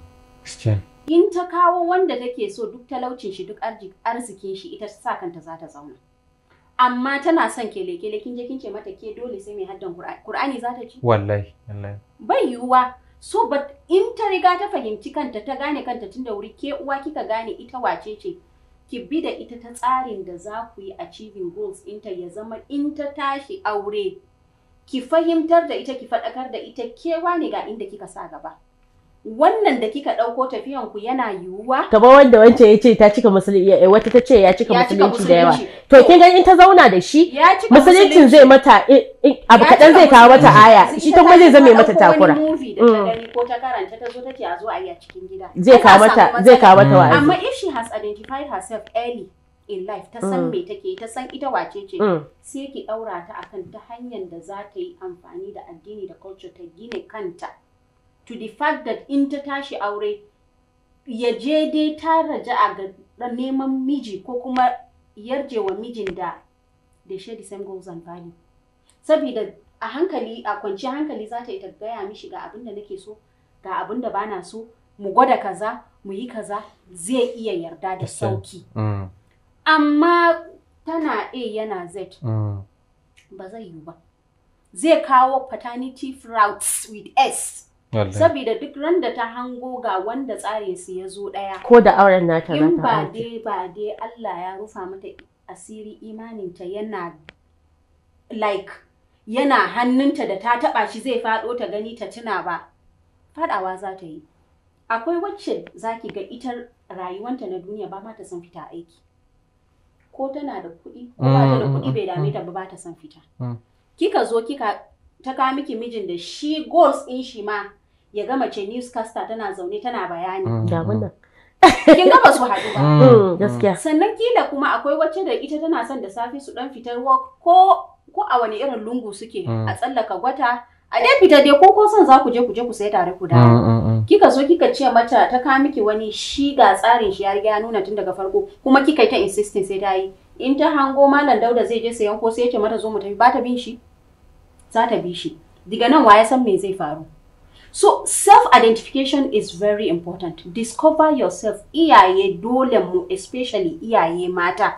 in ta kawo wanda take so duk talaucin shi duk arzikin shi ita sa kanta za ta zauna amma tana son kele kele kin je kin ce mata ke dole sai mai haddan Qur'ani za ta ci wallahi wallahi bai yiwuwa so but in ta riga ta fahimci kanta ta gane kanta tun da wuri ke uwa kika gane ita wace ce ki bi da ita ta tsarin da za ku yi achieving goals inta ya zama in ta tashi aure ki fahimtar da ita ki faɗakar da ita kewa ne ga inda kika sa gaba wannan da kika ɗauko tafiyan ku yana yiwuwa. ba wanda wancan ya ce ta cika musulunci eh, wata ta ce ya cika musulunci da yawa. To kin ga in ta zauna da shi musuluncin zai mata eh, eh, abu kaɗan zai kawo mata aya shi ta kuma zai zame mata takura. Mm. ko ta karanta ta zo ta ce a zo a yi a cikin gida. Zai kawo mata zai kawo mata mm. wa'azi. Amma if she has identified herself early in life ta san mm. me take ta san ita wace ce sai ki daura ta akan ta hanyar da za ta yi amfani da addini da culture ta gina kanta. to the fact that in ta tashi aure ya je dai ta raja a ga neman miji ko kuma yarje wa mijin da da she the same goals and value saboda a hankali a kwanci hankali za ta yi ta gaya mishi ga abin da nake so ga abin da bana so mu gwada kaza mu yi kaza zai iya yarda da sauki mm. amma tana a yana z mm. ba zai yiwu ba zai kawo paternity frauds with s Saboda duk ran da ta hango ga wanda tsare su ya zo ɗaya. Ko da auren nata In ba dai ba dai Allah ya rufa mata asiri imaninta yana like yana hannunta da ta taɓa shi zai faɗo ta gani ta tuna ba. Faɗawa za ta yi. Akwai wacce za ki ga ita rayuwanta na duniya ba ma ta son fita aiki. Ko tana da kuɗi, ko ba ta da kuɗi mm, bai dame mm, ta ba ba ta son fita. Mm, kika zo kika ta kawo miki mijin da shi goals ɗin shi ma ya ga mace newscaster tana zaune tana bayani mm. kin ga su haɗu ba mm. Mm, gaskiya sannan kila kuma akwai wacce da ita tana son da safe su dan fitar walk ko ko a wani irin lungu suke a tsallaka gwata a dai fita dai ko ko son za ku je ku je ku sai tare ku da kika zo kika ce mata ta ka miki wani shi ga tsarin shi ya riga ya nuna tun daga farko kuma kika yi ta insisting sai ta yi in ta hango malam dauda zai je sayan ko sai ya mata zo mu tafi ba ta bin shi za ta bi shi daga nan wa ya san me zai faru So self-identification is very important. Discover yourself iyaye dole mu especially iyaye mata.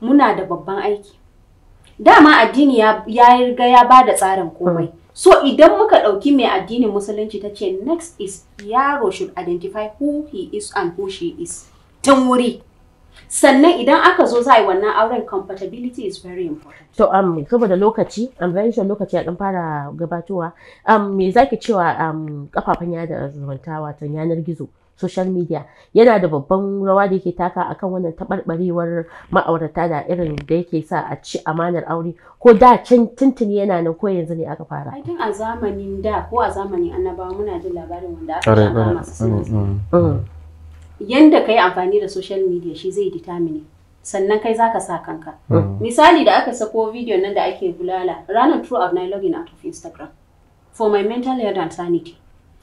Muna da babban aiki. Dama addini ya riga ya ba da tsarin komai. Hmm. So idan muka dauki mai addinin musulunci ta ce next is yaro should identify who he is and who she is. Tun wuri. sannan idan aka zo za a yi wannan auren compatibility is very important to um saboda lokaci am um, very sure lokaci a ɗan fara gabatowa um me zaki cewa um kafafen yada zumunta wato yanar gizo social media yana da babban rawa da yake taka akan wannan taɓarɓarewar ma'aurata da irin da yake sa a ci amanar aure ko da can tuntuni yana nan ko yanzu ne aka fara. I a zamanin da ko a zamanin annabawa muna jin labarin wanda aka masu yanda ka yi amfani da social media shi zai determine sannan kai zaka sa kanka hmm. misali da aka sako video nan da ake bulala ranar true of login out of instagram for my mental health and sanity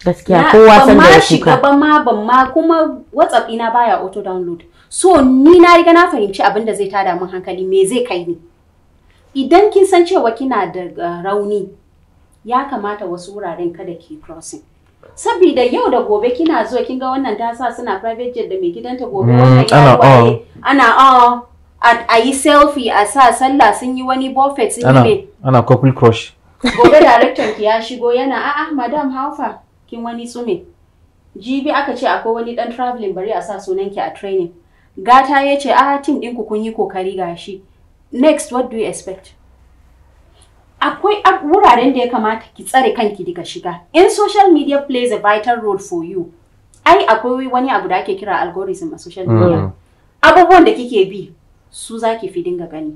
gaskiya kowa san da shi ka ban ma ban ma kuma whatsapp ina baya auto download so ni na riga na fahimci abin da zai tada min hankali me zai kai ni idan kin san cewa kina da uh, rauni ya kamata wasu wuraren kada ki crossing Saboda yau da gobe kina zuwa kin ga wannan ta sa suna private jet da mai gidanta gobe mm, wannan ya ana oh, oh a yi selfie a sa sallah sun yi wani buffet sun yi ana couple crush gobe director ki ya shigo yana a'a madam haufa kin wani tsume jibi aka ce akwai wani dan traveling bari a sa sunan ki a training gata ya ce a team ɗinku kun yi kokari gashi next what do you expect akwai wuraren da ya kamata ki tsare kanki daga shiga in social media plays a vital role for you ai akwai wani abu da ake kira algorithm a social media mm-hmm. abubuwan da kike bi su za ki fi dinga gani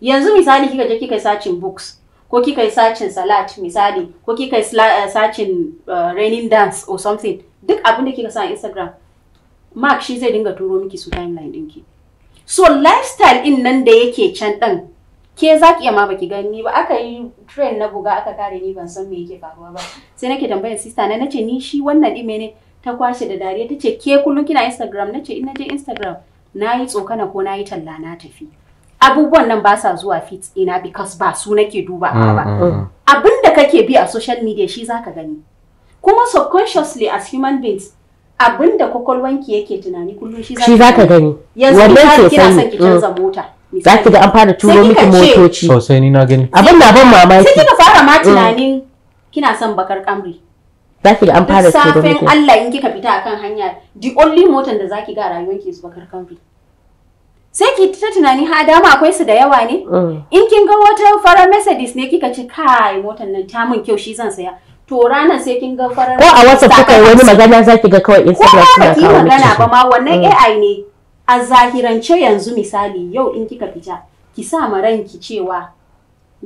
yanzu misali kika je kika sacin books ko kika yi sacin salat misali ko kika sacin eh, eh, raining dance or something duk abin da kika sa instagram mark shi zai dinga turo miki su timeline dinki so lifestyle in nan da yake can ɗan ke za ki iya ma baki gani ba aka yi train na buga aka kare ni ban san me yake faruwa ba sai nake tambayar sista na nace ni shi wannan dime ne ta kwashe da dariya tace ke kullum kina Instagram nace in naje Instagram nayi tsokana ko nayi talla na tafi abubuwan nan ba sa zuwa fit ina because ba su nake duba ba mm, mm, mm. abin kake bi a social media shi zaka gani kuma subconsciously as human beings abin da kwakwalwanki yake tunani kullum shi zaka gani yanzu kina son ki canza mota za ki ga an fara turo miki motoci sosai ni na gani abin na ban mamaki sai kika fara ma mm. tunanin kina son bakar kamri za ki ga an fara turo miki safin Allah in kika fita akan hanya the only motan da zaki ga rayuwar ki su bakar kamri sai ki ta tunani ha dama akwai su da yawa ne mm. in kin ga wata farar Mercedes ne kika ci kai motan nan ta mun kyau shi zan saya to ranar sai kin ga farar ko a WhatsApp kuka wani magana zaki ga kawai Instagram suna kawo miki ko ba ki magana ba ma wannan mm. AI ne a zahirance yanzu misali yau in kika fita ki sa ma ranki cewa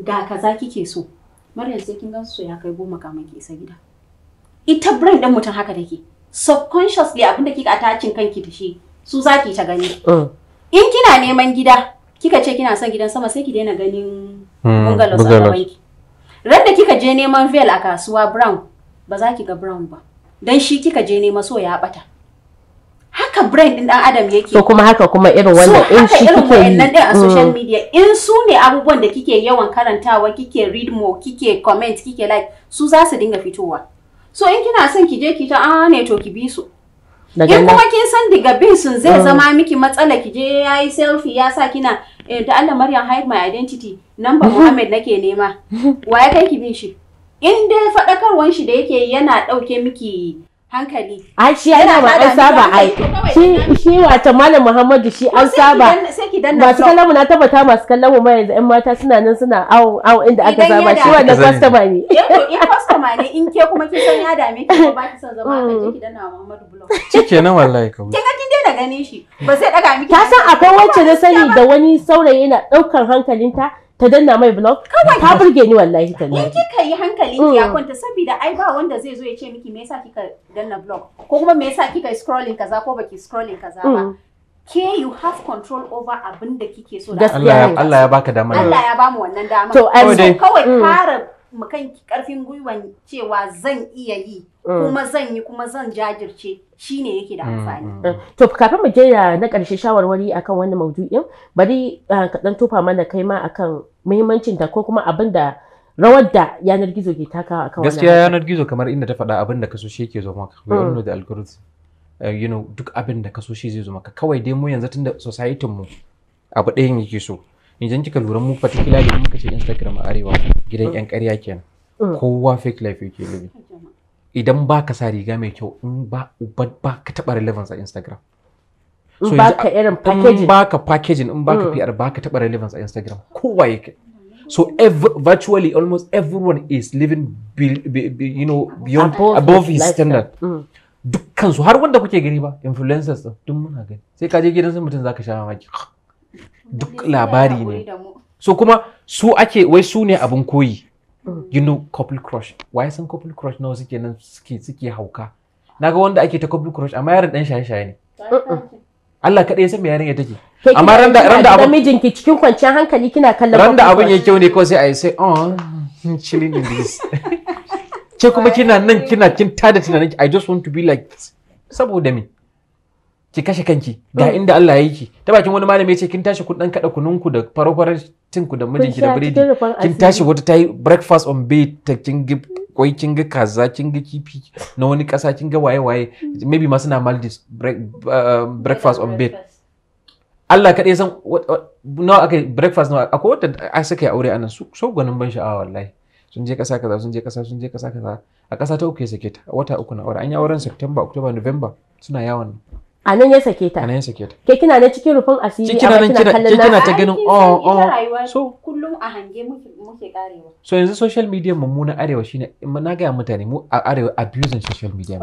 ga kaza kike so Maryam sai kin gan su ya kai goma ka ki isa gida ita brain din mutum haka take subconsciously abinda kika attachin kanki da shi su zaki ta gani mm. in kina neman gida kika ce kina son gidan sama sai ki daina ganin mm, bungalows a gabanki randa kika je neman veil a kasuwa brown ba za ki ga brown ba. Dan shi kika je neman so ya bata. haka brain din dan adam yake so kuma haka kuma irin wannan din shi kike yi a mm. social media in su ne abubuwan da kike yawan karantawa kike read mo kike comment kike like su za su dinga fitowa so in kina son ki je ki ta ah ne to ki bi su in kuma kin san daga bin sun zai mm. zama miki matsala ki je yayi selfie ya sa kina eh, da Allah Maryam hide my identity number Muhammad nake nema wa ya kai ki bin shi in dai fadakarwan shi da yake yana dauke miki hankali ai shi yana ma an saba ai shi shi wata malam muhammadu shi an saba masu kallon mu na tabbata masu kallon mu yanzu yan mata suna nan suna awo awo inda aka saba shi wannan customer ne in customer ne in ke kuma kin san ya dame ki ba ki son zama ka je ki danna muhammadu blog cike na wallahi kawai kin ga kin daina ganin shi ba sai daga miki ka san akwai wacce na sani da wani saurayi yana daukan hankalinta ta danna mai blog ta burge ni wallahi ta ne kika yi hankali ki mm. ya kwanta saboda ai ba wanda zai zo ya ce miki me yasa kika danna blog ko kuma me yasa kika scrolling kaza ko baki scrolling kaza ba mm. ke you have control over abinda kike so da Allah ya baka dama Allah ya bamu wannan dama to kawai fara mukan karfin gwiwan cewa zan iya yi mm. kuma zan yi kuma zan jajirce shine yake da mm-hmm. amfani. To kafin mu je na karshe shawarwari akan wannan maudu'in bari ah, ka dan tofa mana kai ma akan muhimmancin ta ko kuma abin da rawar da yanar gizo ke takawa a wannan gaskiya yanar gizo kamar inda ta faɗa abin da kaso shi yake zo maka we all mm. know algorithm uh, you know duk abin da kaso shi zai zo maka kawai dai mu yanzu tunda society mu abu ɗayan yake so idan kika lura mu particularly in muka ce Instagram a arewa gidan yan mm. ƙarya kenan mm. kowa fake life yake live idan ba ka sa riga mai kyau in ba ba ka taɓa relevance a Instagram in baka irin packaging in baka packaging in baka mm. PR baka taba relevance a Instagram kowa yake so every, virtually almost everyone is living be, be, be, you know beyond above, above his standard mm. dukkan su har wanda kuke gani ba influencers din duk muna gani sai ka je gidan sun mutum zaka sha mamaki duk labari ne so kuma su ake wai su ne abin koyi mm. you know couple crush why some couple crush nawa suke nan suke suke hauka naga wanda ake ta couple crush amma yaron dan shaye-shaye ne Allah kaɗai san me yarinya take amma ran da ran da abin mijinki cikin kwanciyar hankali kina kallon ran da abin ya kyau ne ko sai a yi sai oh chilling in this ce kuma kina nan kina kin tada tunanin I just want to be like saboda me ki kashe kanki ga inda Allah ya yi ki ta bakin wani malami ya ce kin tashi kun dan kada kunun ku da farfarar cin ku da mijinki da biredi kin tashi wata tayi breakfast on bed ta kin kwai kin ga kaza kin ga kifi na wani kasa kin ga waye waye mm. maybe ma suna Maldives uh, breakfast on bed Allah kaɗai san nawa aka breakfast nawa akwai wata a suka yi aure anan su so gwanin ban sha'awa wallahi sun je kasa kaza sun je kasa sun je kasa kaza a kasa ta uku ya sake ta wata uku na aure an yi auren September October November suna yawon a nan ya sake ta a nan ya sake ta ke kina nan cikin rufin asiri cikin nan kina kallon kina ta ganin oh oh so kullum a hange muke karewa so yanzu social media mu na arewa shine na ga mutane mu a arewa abusing social media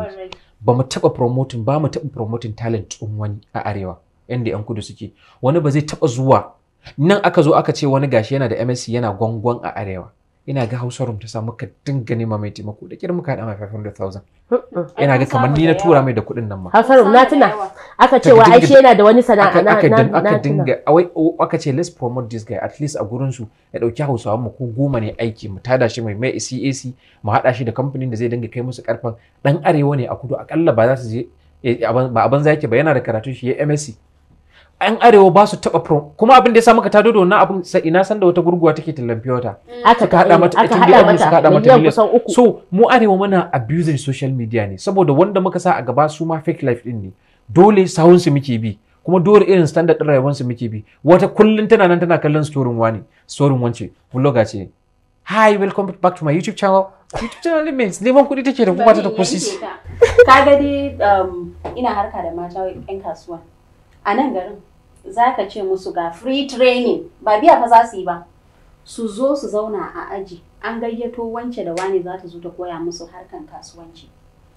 ba mu taba promoting ba mu taba promoting talent din wani a arewa inda yan kudu suke wani ba zai taba zuwa nan aka zo aka ce wani gashi yana da MSc yana gwangwan a arewa ina ga Hausa Room ta samu ka dinga nema mai taimako da kirmu ka dama 500,000 ina ga kamar ni na tura mai da kuɗin nan ma Hausa na tuna aka ce wa aishi yana da wani sana'a na aka dinga aka ce let's promote this guy at least a gurin su ya dauki Hausawa mu ko goma ne aiki mu tada shi mai mai CAC mu hada shi da kamfanin da zai dinga kai musu karfan dan arewa ne a kudu akalla ba za su je eh, ba abin zaki ba yana da karatu shi ya MSc 'yan arewa ba su taɓa prom kuma abin da ya sa muka tado dodo wannan abin sa ina san da wata gurguwa take tallan fiyota mm. aka hada mata aka hada mata aka hada mata so mu arewa muna abusing social media ne saboda wanda muka sa a gaba su ma fake life din ne dole sahun su muke bi kuma dole irin standard din rayuwar su muke bi wata kullun tana nan tana kallon storin wani storin wance vlogger ce hi welcome back to my youtube channel youtube channel means neman kuɗi take da kuma ta da ka ga dai um, ina harka da mata 'yan kasuwa a nan garin za ka ce musu ga free training ba biya fa za su yi ba su zo su zauna a aji an gayyato wance da wani za ta zo ta koya musu harkan kasuwanci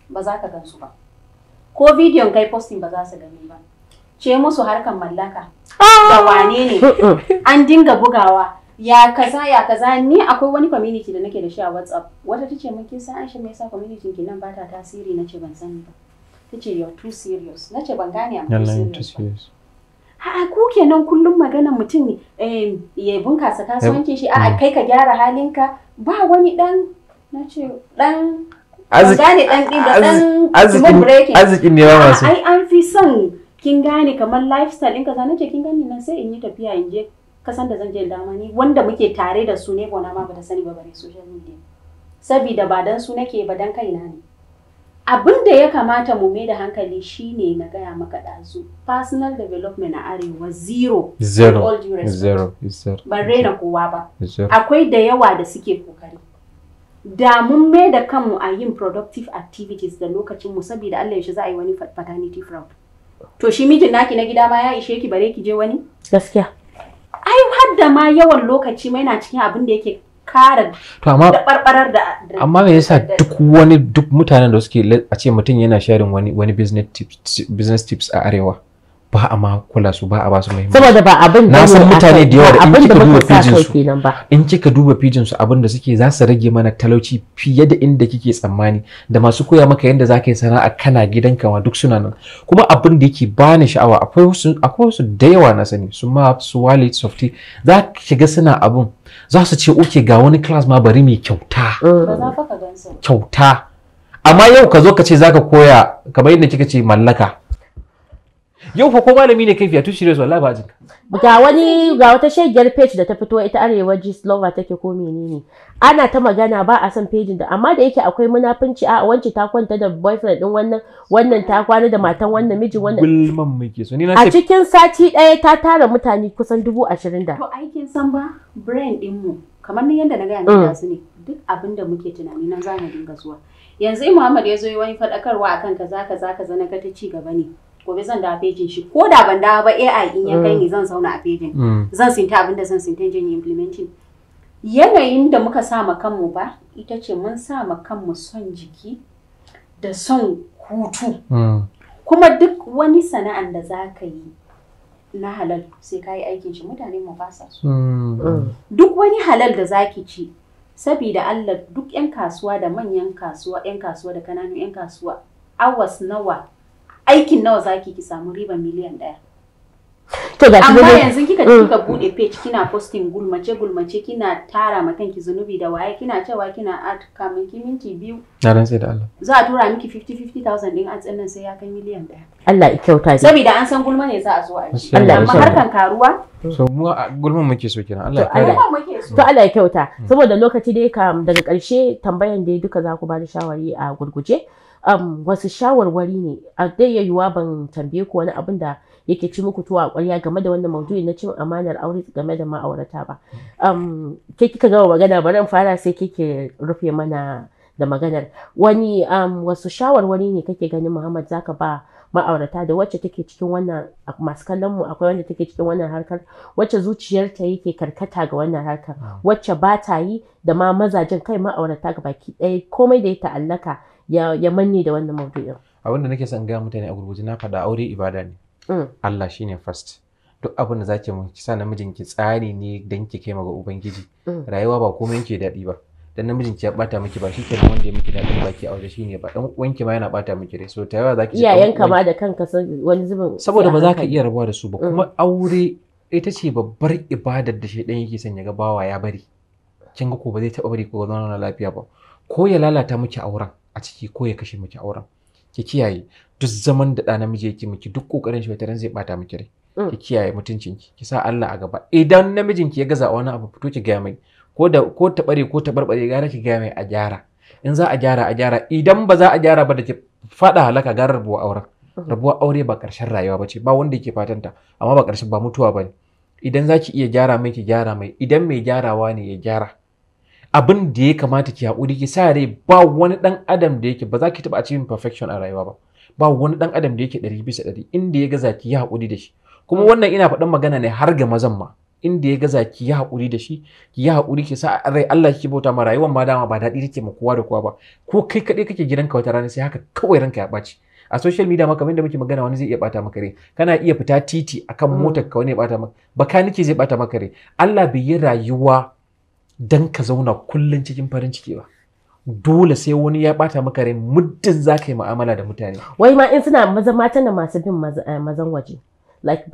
ba za ka gansu ba ko bidiyon kai posting ba za su gani ba ce musu harkan mallaka da wane ne an dinga bugawa ya kaza ya kaza ni akwai wani community da nake da shi a whatsapp wata tace ce min kin san me yasa community ki nan ba ta tasiri na ce ban sani ba ta ce too serious na ban gane a too serious A'a ku kenan kullum magana mutum eh, ya bunkasa kasuwanci shi a kai ka gyara halinka ba wani dan na ce dan azikin ne ba masu ai an fi son kin gane kamar lifestyle ɗinka zan ce kin gane nan sai in yi tafiya in je kasan da zan je dama ni wanda muke tare da su ne bona ma ba ta sani ba bare social media sabida ba dan su nake ba dan kaina ne abin da ya kamata mu mai da hankali shine na gaya maka ɗazu personal development a arewa zero zero zero ban raina kowa ba akwai da yawa da suke kokari da mun mai da kanmu a yin productive activities da lokacin mu saboda Allah yaushe za a yi wani paternity fraud to shi mijin naki na gida ma ya ishe ki bare ki je wani gaskiya ai har da ma yawan lokaci mai na cikin abin da yake kara to amma barbarar da amma me yasa duk wani duk mutanen da suke a ce mutum yana sharing wani wani business tips business tips a arewa ba a ma kula su ba a ba su muhimmanci saboda ba abin da na san mutane da yawa da in kika duba pijin su in kika duba pijin su abin da suke za su rage mana talauci fiye da inda kike tsammani da masu koya maka yadda za ka yi sana'a kana gidanka ma duk suna nan kuma abin da yake bani sha'awa akwai wasu da yawa na sani su ma su wallet softy za ka shiga suna abin za su ce oke ga wani class ma bari mai kyauta kyauta amma yau ka zo ka ce za ka koya kamar yadda kika ce mallaka yau fa ko malami ne kai fiya tushi rezo wallahi ba jinka ga wani ga wata shegiyar page da ta fito ita arewa gislova take ko menene ana ta magana ba a son page da amma da yake akwai munafunci a wance ta kwanta da boyfriend din wannan wannan ta kwana da matan wannan mijin wannan gulman muke so ni na a cikin sati daya ta tara mutane kusan dubu ashirin da to aikin san ba brand din mu kamar ni yanda na ga yanzu mm. su ne duk abin da muke tunani nan za mu dinga zuwa yanzu Muhammad ya zo yi wani fadakarwa akan kaza kaza kaza na ga ta ci gaba ne gobe zan da pejin shi ko da ban dawo ba AI in ya kai ni mm. zan zauna a pejin mm. zan sinta abin da zan sinta jin implementing yanayin da muka sa ma kanmu ba ita ce mun sa ma kanmu son jiki da son hutu mm. kuma duk wani sana'an da za ka yi na halal sai ka yi aikin shi mutane mu ba sa su duk wani halal da zaki ki ci sabida Allah duk 'yan kasuwa da manyan kasuwa 'yan kasuwa da kananu 'yan kasuwa awas nawa aikin nawa zaki ki samu riba miliyan ɗaya to ga amma yanzu kika mm. kika bude page kina posting gulmace gulmace kina tara ma kanki zunubi da waye kina cewa kina art kamun ki minti biyu na sai da Allah za a tura miki 50 50000 din ads nan sai ya kai miliyan ɗaya. Allah ya kyauta shi saboda an san gulma ne za a zo a ci Allah amma harkan karuwa so mu gulman muke so kina Allah ya kyauta muke so to Allah ya kyauta mm. saboda lokaci dai kam daga karshe tambayan da duka za ku ba da shawari a gurguje um, wasu shawarwari ne a dai ya yiwuwa ban tambaye ku wani abin da yake ci muku tuwa kwarya game da wannan maudu'i na cin amanar aure game da ma'aurata ba um, ke kika gama magana bari in fara sai kike rufe mana da maganar wani um, wasu shawarwari ne kake ganin muhammad zaka ba ma'aurata da wacce take cikin wannan masu kallon mu akwai wanda take cikin wannan harkar wacce zuciyarta yake karkata ga wannan harkar wacce ba ta yi da ma mazajen kai ma'aurata ga baki ɗaya komai da ya ta'allaka ya manne da wannan maudu'in abin da nake son gaya mutane a gurguji na faɗa aure ibada ne mm. Allah shine first duk abin da zaki mun kisa namijin ki tsari ne dan ki kai ga ubangiji mm. rayuwa ba komai yake daɗi ba dan namijin ki ya bata miki ba shikenan wanda ya miki daɗi ba ki aure shine ba dan uwan ma yana bata miki rai so ta yawa zaki iyayen ka ma da kanka wani zubin saboda ba za ka iya rabuwa da su ba kuma mm. aure ita ce babbar ibadar da shaidan yake son ya ga bawa ya bari kin ga ko ba zai taɓa bari ko zauna lafiya ba ko ya lalata miki auren a ciki ko ya kashe miki auren ki kiyaye duk zaman da ɗa namiji yake miki duk kokarin shi wata zai bata miki rai mm. ki kiyaye mutuncin ki ki sa Allah a gaba idan namijin ya gaza wani abu fito ki gaya mai ko da ko bare ko barbare gara ki gaya mai a gyara in za a gyara a gyara idan ba za a gyara ba da ki fada halaka gara rabuwa auren mm-hmm. rabuwa aure ba karshen rayuwa bace, ba wanda yake fatan ta amma ba karshen ba mutuwa ba ne idan za ki iya gyara mai ki gyara mai idan mai gyarawa ne ya gyara abin da ya kamata ki haƙuri ki sa rai ba wani dan adam da yake ba za ki taɓa achieving perfection a rayuwa ba ba wani ɗan adam da yake ɗari bisa ɗari inda ya ga ki yi haƙuri da shi kuma mm. wannan ina faɗan magana ne har ga mazan ma inda ya ga zaki yi haƙuri da shi ki yi haƙuri ki sa rai Allah ki bauta ma rayuwar ma dama ba daɗi take ma kowa da kowa ba ko kai kaɗai kake gidan ka wata rana sai haka kawai ranka ya ɓaci a social media ma kamar da muke magana wani zai iya bata maka rai kana iya fita titi akan mm. motar ka wani ya bata maka nake zai bata maka rai Allah bai yi rayuwa don ka zauna kullum cikin farin ciki ba dole sai wani ya bata maka rai muddin za ka yi mu'amala da mutane wai ma in suna maza mata na masu bin eh, mazan waje like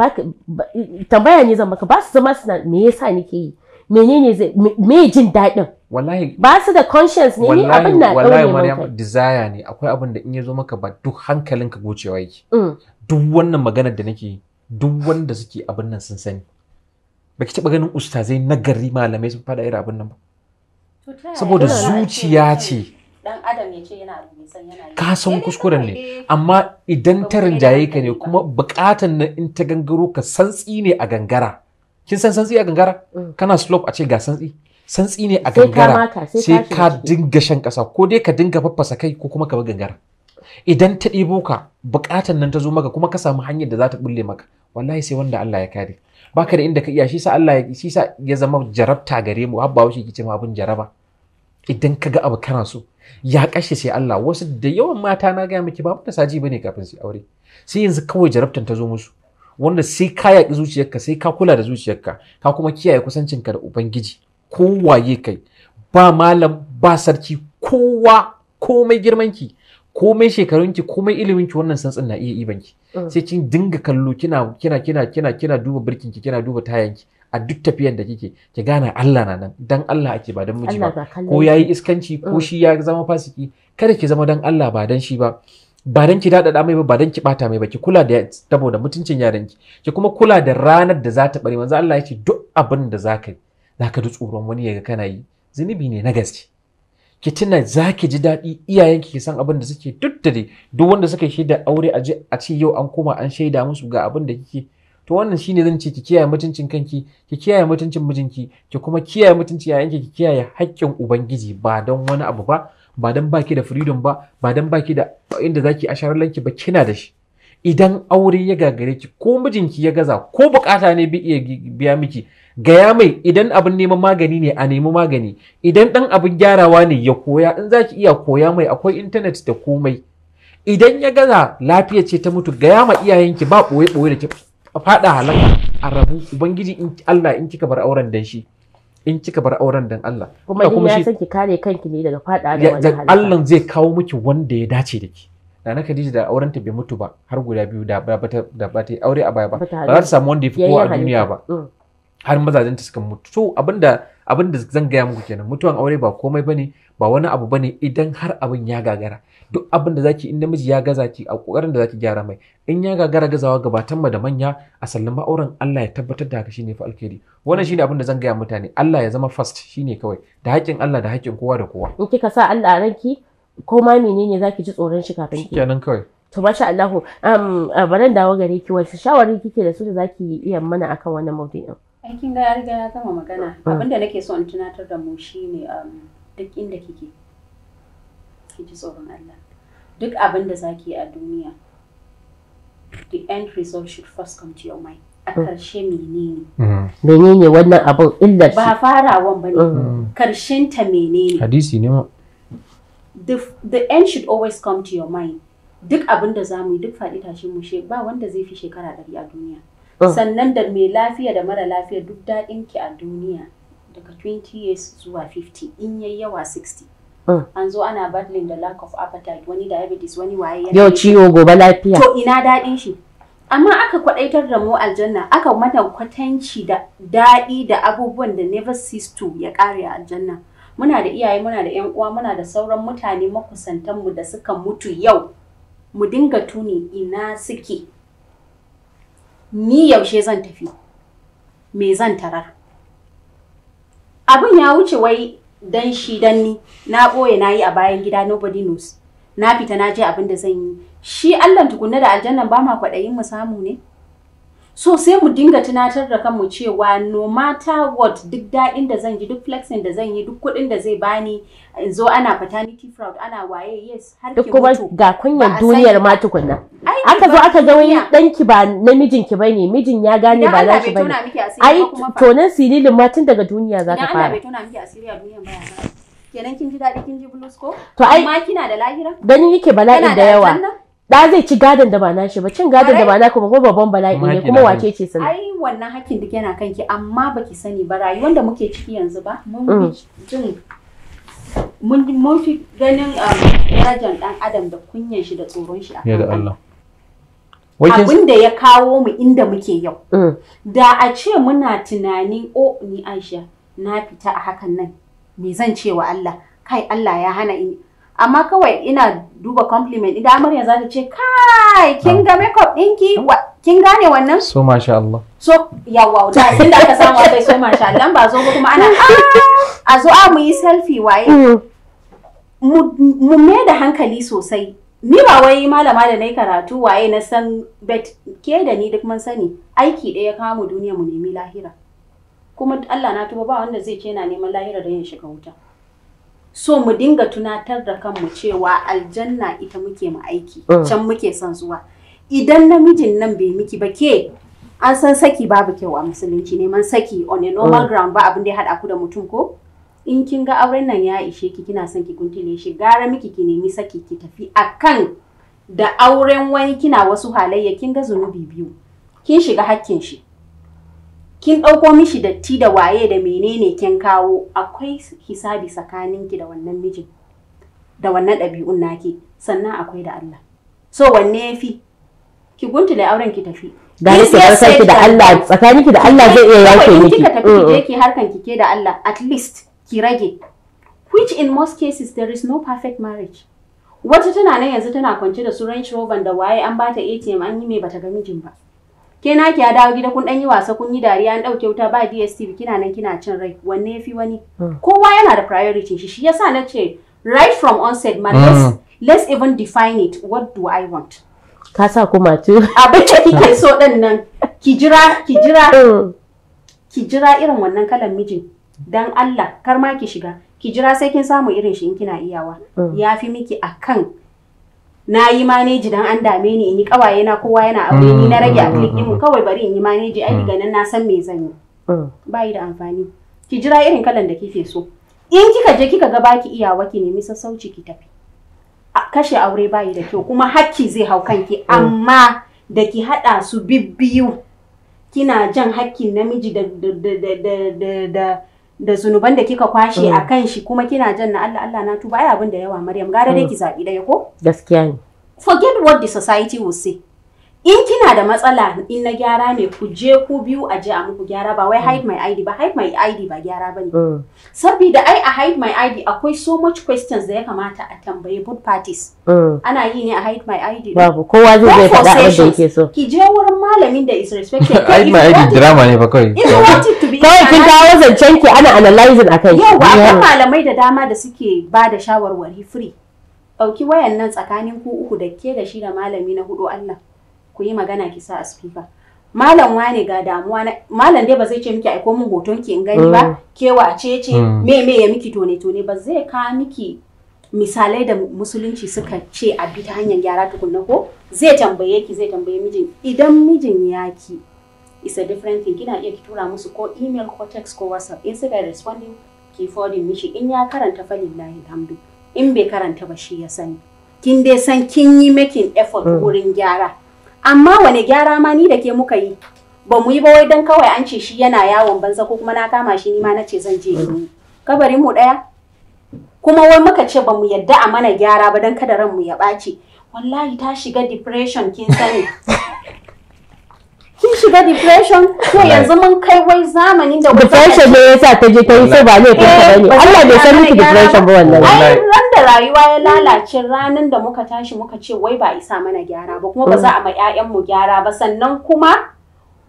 tambaya ne zan maka ba su zama suna me yasa nake yi menene zai me jin daɗin wallahi ba su da conscience ne ni abin na wallahi maryam desire ne akwai abin da in ya zo maka ba duk hankalinka gocewa yake mm. duk wannan maganar da nake duk wanda suke abin nan sun sani baki taba ganin ustazai na gari malamai sun fada irin abin nan ba saboda zuciya ce dan adam ka san kuskuren ne amma idan ta rinjaye ka ne kuma bukatan na in ta gangaro ka santsi ne a gangara kin san santsi a gangara mm. kana slope a ce ga santsi santsi ne a gangara sai ka dinga shan kasa ko dai ka dinga faffasa kai ko kuma ka bar gangara idan ta ɗebo ka bukatan nan ta zo maka kuma ka samu hanyar da za ta bulle maka wallahi sai wanda Allah ya kare baka da inda ka iya shi sa Allah ya shi sa ya zama jarabta gare mu har ba kice ma abin jaraba idan ka ga abu kana so ya kashe sai Allah wasu da yawan mata na gaya miki ba da saji bane kafin su aure sai yanzu kawai jarabtan ta zo musu wanda sai ka yaƙi zuciyarka sai ka kula da zuciyarka ka kuma kiyaye kusancinka da ubangiji ko waye kai ba malam ba sarki kowa komai girman ki. komai shekarunki komai ilimin ki wannan santsin na iya iban ki. Mm. sai kin dinga kallo kina kina kina kina kina duba birkinki kina duba tayanki a duk tafiyan da kike ki gana Allah na nan dan Allah ake ba dan miji ba ko yayi iskanci ko mm. shi ya zama fasiki kada ki zama dan Allah ba dan shi ba ba dan ki dadada mai ba ba dan ki bata mai ba ki kula da saboda mutuncin yaran ki ki kuma kula da ranar da za ta bari manzo Allah ya ce duk abin da zaka yi zaka du tsoron wani yaga kana yi zunubi ne na gaske ki tuna za ki ji daɗi iyayenki ki san abin da suke duk da dai duk wanda suka yi shaida aure a je a ce yau an koma an shaida musu ga abin da kike to wannan shine zan ce ki kiyaye mutuncin kanki ki kiyaye mutuncin mijinki ki kuma kiyaye mutuncin yayanki ki kiyaye haƙƙin ubangiji ba don wani abu ba ba don baki da freedom ba ba don baki da inda zaki a lanki ba kina da shi idan aure ya gagare ki ko mijinki ya gaza ko bukata ne bi iya biya miki gaya mai idan abin neman magani ne a nemi magani idan dan abin gyarawa ne ya koya in za ki iya koya mai akwai intanet da komai idan ya gaza lafiya ce ta mutu gaya ma iyayenki ba ɓoye-ɓoye da ki faɗa halaka a rabu ubangiji in Allah in kika bar auren dan shi in kika bar auren dan Allah kuma in ya san ki kare kanki ne daga faɗa da wani halaka Allah zai kawo miki wanda ya dace da ki Nana Khadija da auren ta bai mutu ba har guda biyu da ba ta aure a baya ba ba za ta samu wanda ya fi kowa a duniya ba mm. har mazajen ta suka mutu so abinda abinda zan gaya muku kenan mutuwan aure ba komai bane ba wani abu bane idan har abin ya gagara duk abin da zaki in namiji ya gaza ki a kokarin da zaki gyara mai in ya gagara gazawa gabatan ma da manya a sallin auren Allah ya tabbatar da haka shine fa alkhairi wannan shine abin da zan gaya mutane Allah ya zama first shine kawai da haƙin Allah da haƙin kowa da kowa in kika sa Allah a ranki ko ma menene zaki ji tsoron shi kafin ki kenan kawai to masha Allahu um baran dawo gare ki wasu shawari kike da su da zaki iya mana akan wannan maudu'in Aikin ga ya riga ya gama magana. Mm. Abinda nake so in tunatar da mu shine um, duk inda kike. Ki ji tsoron Allah. Duk abin da zaki a duniya. The end result should first come to your mind. A mm. ƙarshe menene? Mm. Menene wannan abin illar Ba farawan ba ne. Karshen ta menene? Hadisi ne ma. The, the end should always come to your mind. Duk abin da zamu yi duk faɗi tashin mu ba wanda zai fi shekara ɗari a duniya. Oh. sannan da mai lafiya da mara lafiya duk daɗin ki a duniya daga 20 years zuwa 50 in yayi yawa 60 an zo ana battling da lack of appetite wani diabetes wani waye yau ciwo gobe lafiya to ina daɗin shi amma aka kwadaitar da mu aljanna aka mata kwatanci da daɗi da abubuwan da never cease to ya ƙare a aljanna muna da iyaye muna da 'yan uwa muna da sauran mutane makusantanmu da suka mutu yau mu dinga tuni ina suke ni yaushe zan tafi me zan tarar abin ya wuce wai dan shi dan ni na ɓoye na yi a bayan gida nobody knows na fita na je abin da zan yi shi allah tukunna da aljannan ba ma kwaɗayin mu samu ne so sai mu dinga tunatar da kanmu cewa no matter what duk daɗin da zan yi duk flexing da zan yi duk kuɗin da zai bani zo ana paternity fraud ana waye yes har duk kuma ga kunyar duniyar ma tukunna aka zo aka ga wani danki ba namijin ki bane mijin ya gane ba za ki bane ai nan sililin ma tun daga duniya za ka fara Allah bai tona miki asiri a duniyan kenan kin ji dadi kin ji blues ko to ai amma kina da lahira ganin yake bala'in da yawa da zai ci gadon da ba nashi ba cin gadon da ba kuma ba babban bala'i ne kuma wace ce sana ai wannan hakkin duk yana kanki amma baki sani ba rayuwar da muke ciki yanzu ba mun mm. jin mun fi ganin um, darajar dan adam da kunyan shi da tsoron shi ya da Allah abin da ya kawo mu inda muke yau mm. da a ce muna tunanin o ni Aisha na fita a hakan nan me zan ce wa Allah kai Allah ya hana in amma kawai ina duba compliment idan amarya za ta ce kai kin ga makeup dinki kin gane wannan so masha Allah so yawa da da aka samu akai so masha Allah ba zo kuma ana ah, a zo a mu yi selfie waye mm. mu me da hankali sosai ni ba wai malama da nayi karatu waye na san bet ke da ni duk mun sani aiki ɗaya ya mu duniya mu nemi lahira kuma Allah na tuba ba wanda zai ce yana neman lahira da yin shiga wuta so mu dinga tunatar da kanmu cewa aljanna ita muke mu aiki mm. can muke son zuwa idan namijin nan bai miki ba ke an san saki babu kyau a musulunci neman saki on a normal mm. ground ba abin da ya haɗa ku da mutum ko in kin ga auren nan ya ishe ki kina son ki kuntile shi gara miki ki nemi saki ki tafi akan da auren wani kina wasu halayya kin ga zunubi biyu kin shiga hakkin shi kin ɗauko mishi datti da waye da menene kin kawo akwai hisabi tsakaninki da wannan mijin da wannan ɗabi'un naki sannan akwai da Allah so wanne yafi ki guntule auren ki tafi da ni ki da Allah tsakaninki da Allah zai iya yake miki kika tafi ki je ki harkan ki ke da Allah at least ki rage which in most cases there is no perfect marriage wata tana nan yanzu tana kwance da su Range Rover da waye an bata ATM an yi me bata ga mijin ba ke na ki ya dawo gida kun dan yi wasa kun yi dariya an dauke wuta ba DSTV kina nan kina cin rai wanne yafi wani hmm. kowa yana da priority shi shi yasa na ce right from onset ma let's, hmm. let's even define it what do I want ka sa kuma ce abin da kike so din nan ki jira ki jira hmm. ki jira irin wannan kalan mijin dan Allah kar ma ki shiga ki jira sai kin samu irin shi in kina iyawa yafi miki akan na yi maneji dan an dame ni in yi kawaye na kowa yana aure ni na rage mm, aikin mu mm, mm, kawai bari in yi maneji ai daga nan na san me zan yi ba da amfani ki jira irin kalan da kike so in kika je kika ga baki iyawa ki nemi sassauci ki tafi kashe aure bayi da kyau kuma hakki zai hau kanki amma da ki hada su bibbiyu kina jan hakkin namiji da da da da da da zunuban da kika kwashe mm. a kan shi kuma kina jan na Allah Allah na tuba ai abin da yawa Maryam gara dai mm. ki zabi dai ko gaskiya ne forget what the society will say in kina da matsala in na gyara ne ku je ku biyu a je a muku gyara ba wai hide mm. my ID ba hide my ID ba gyara ba ne. Mm. Saboda ai a hide my ID akwai so much questions da ya kamata a tambayi both parties. Mm. Ana yi ne a hide my ID. Babu kowa zai zai faɗa abin da yake so. Ki je wurin malamin da is respected. hide my ID drama ne ba kai wanted to be. Kawai kin kawo wazan canki ana analyzing akai. Yawa akwai malamai da dama da suke ba da shawarwari free. Ɗauki wayan nan tsakanin ku uku da ke da shi da malami na hudu Allah. ku yi magana ki sa a speaker malam wane ga damuwa na malam dai ba zai ce miki aiko min hoton ki in gani ba mm. ke wace ce mm. me me ya miki tone tone ba zai ka miki misalai da musulunci suka ce a bi ta hanyar gyara tukunna ko zai tambaye ki zai tambaye mijin idan mijin ya ki is a different thing kina iya ki tura musu ko email ko text ko whatsapp in suka respond ki forwarding mishi in ya karanta fa lillahi alhamdu in bai karanta ba shi ya sani kin dai san kin yi making effort mm. wurin gyara amma wane gyara ma ni da ke muka yi ba mu yi ba wai dan kawai an ce shi yana yawon banza ko kuma na kama shi ni ma na ce zan je in kabarin mu daya kuma wai muka ce ba mu yadda a mana gyara ba dan kada ran mu ya ɓaci wallahi ta shiga depression kin sani kin shiga depression ko yanzu mun kai wai zamanin da depression ne yasa ta je ta yi sai eh, ba zai ta bane Allah bai san miki depression ba wallahi ai ran da rayuwa ya lalace ranan da muka tashi muka ce wai ba isa mana gyara ba kuma ba za a ma ƴaƴan mu gyara ba sannan kuma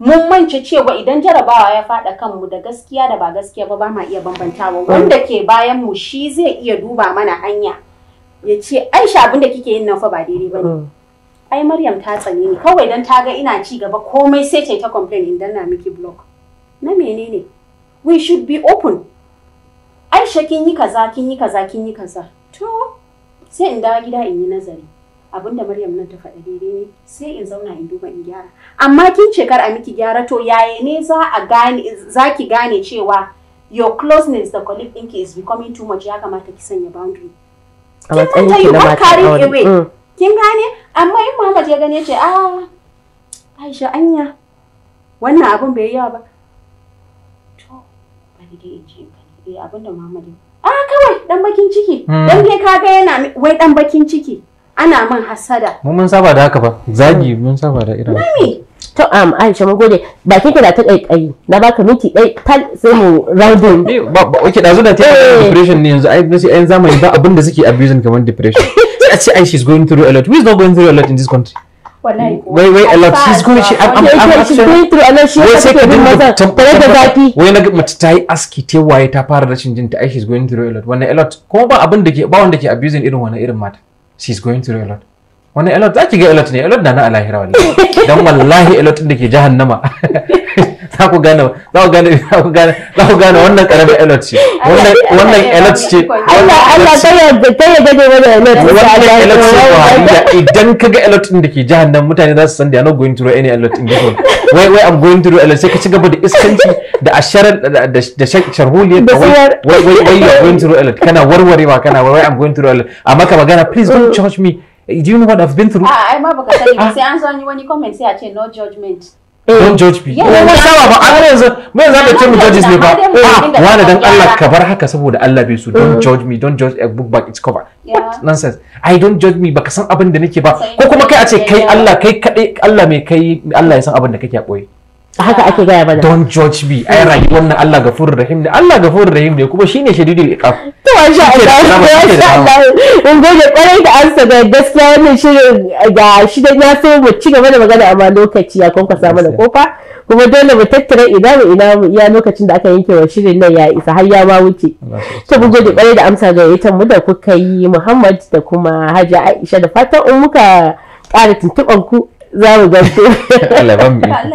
mun mance cewa idan jarabawa ya faɗa kanmu da gaskiya da ba gaskiya ba ba ma iya bambantawa mm. wanda ke bayan mu shi zai iya duba mana hanya ya ce aisha abin da kike yin nan fa ba daidai ba ne mm. ai Maryam ta tsane ni kawai dan ta ga ina ci gaba komai sai ta ta complain in danna miki block na menene we should be open Aisha kin yi kaza kin yi kaza kin yi kaza to sai in dawo gida in yi nazari abinda Maryam nan ta faɗa daidai ne sai in zauna in duba in gyara amma kin ce kar a miki gyara to yaya ne za a gane za ki gane cewa your closeness da colleague ɗinki is becoming too much ya kamata ki sanya boundary. Kin ta yi what carry away. Mm. kin gane amma in Muhammad ya gane ce a ah, Aisha anya wannan abun bai yawa ba to bari dai in ji in eh abin da Muhammad ah a kawai dan bakin ciki hmm. dan ke ga yana wai dan bakin ciki ana man hasada mun mun saba da haka ba zagi hmm. mun saba da irin mami to am um, Aisha mun gode bakin ka da ta kaikayi na baka miki dai tal sai mu raudin ba ba kike dazu da ta eh. depression ne yanzu ai sai zamani ba abin da suke abusing kamar depression a ce ai she's going through a lot. Who is not going through a lot in this country? Wallahi. Wai wai a lot she's going she I'm I'm she's going through a lot she has to be mother. Tamfara da zafi. Wai na mace ta yi aski te waye ta fara rashin jinta ai she's going through a lot. Wannan a lot kuma ba abin da ke ba wanda ke abusing irin wannan irin mata. She's going through a lot. Wannan a lot za ki ga a lot ne a lot na na alahira wallahi. Dan wallahi a lot din da ke jahannama. za ku gane za ku wannan karamin ce wannan wannan ce Allah Allah ta ta da ke jihar wannan jahannan mutane za su san da yana going through any elot in wai wai am going through elot sai ka ci gaba da iskanci da asharar da sharhuliyar da wai wai wai you going through kana warwarewa kana wai am going through elot amma ka magana please don't mm. judge me do you know what I've been through? Ah, I remember because I say answer when you comment say I no judgment. Eh, don judge people ko mun saba ba an yanzu mai za ba ce mu judges ne ba ah, wani dan Allah ka bar haka saboda Allah bai so eh. don judge me don judge a book by its cover what nonsense i don't judge me baka san abin da nake ba ko kuma kai a ce kai Allah kai kadai Allah mai kai Allah ya san abin da kake a koyi haka ake gaya mana don judge me ai rayu wannan Allah gafurur rahim ne Allah gafurur rahim ne kuma shine shadidul iqab to masha sha Allah in goge kwarai da ansa da gaskiya wannan shirin ga shi da ya so mu ci gaba da magana amma lokaci ya kwankwasa mana kofa kuma dole mu tattara ina mu ina mu iya lokacin da aka yanke wa shirin nan ya isa har ya ba wuce to mu gode kwarai da amsa ga yayin mu da kuka yi Muhammad da kuma Hajja Aisha da fatan in muka ƙara tuntuɓan ku za mu gaske. Allah ba mu yi. ya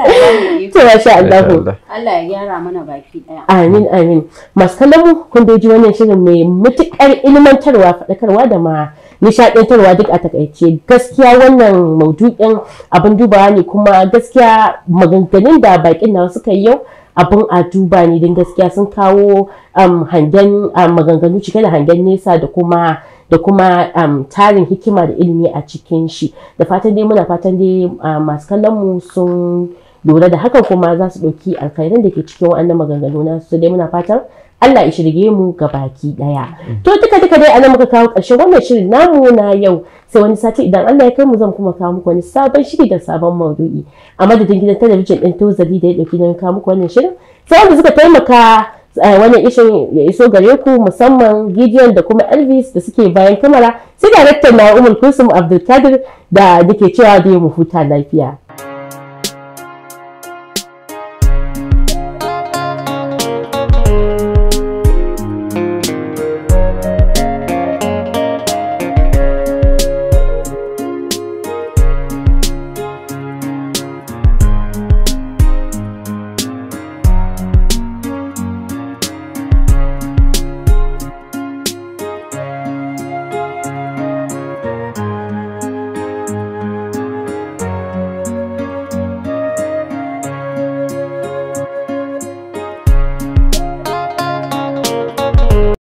Allah. Allah ya gyara mana baki ɗaya. Amin amin. Masu kallon mu kun wannan shirin mai matuƙar ilmantarwa faɗakarwa da ma nishaɗantarwa duk a takaice gaskiya wannan maudu'in abin dubawa ne kuma gaskiya maganganun da baƙin nawa suka yi yau abin a duba ne don gaskiya sun kawo um, hangen um, maganganu cike da hangen nesa da kuma da kuma um, tarin hikima da ilimi a cikin shi da fatan dai muna fatan dai uh, masu kallon mu sun lura da hakan kuma za su ɗauki alkhairan da ke cikin wa'annan maganganu na su dai muna fatan Allah ya shirge mu ga baki daya. Mm. To duka duka dai anan muka kawo ƙarshen wannan shirin namu na yau sai wani sati idan Allah ya kai mu zan kuma kawo muku wani sabon shiri da sabon maudu'i. A madadin gidan talabijin ɗin Tozali da ya ɗauki don kawo muku wannan shirin. Sai wanda suka taimaka wannan ishin ya iso gare ku musamman Gideon da kuma Elvis da suke bayan kamara sai daraktan na Umar Kulsum Abdulkadir da dake cewa da mu huta lafiya.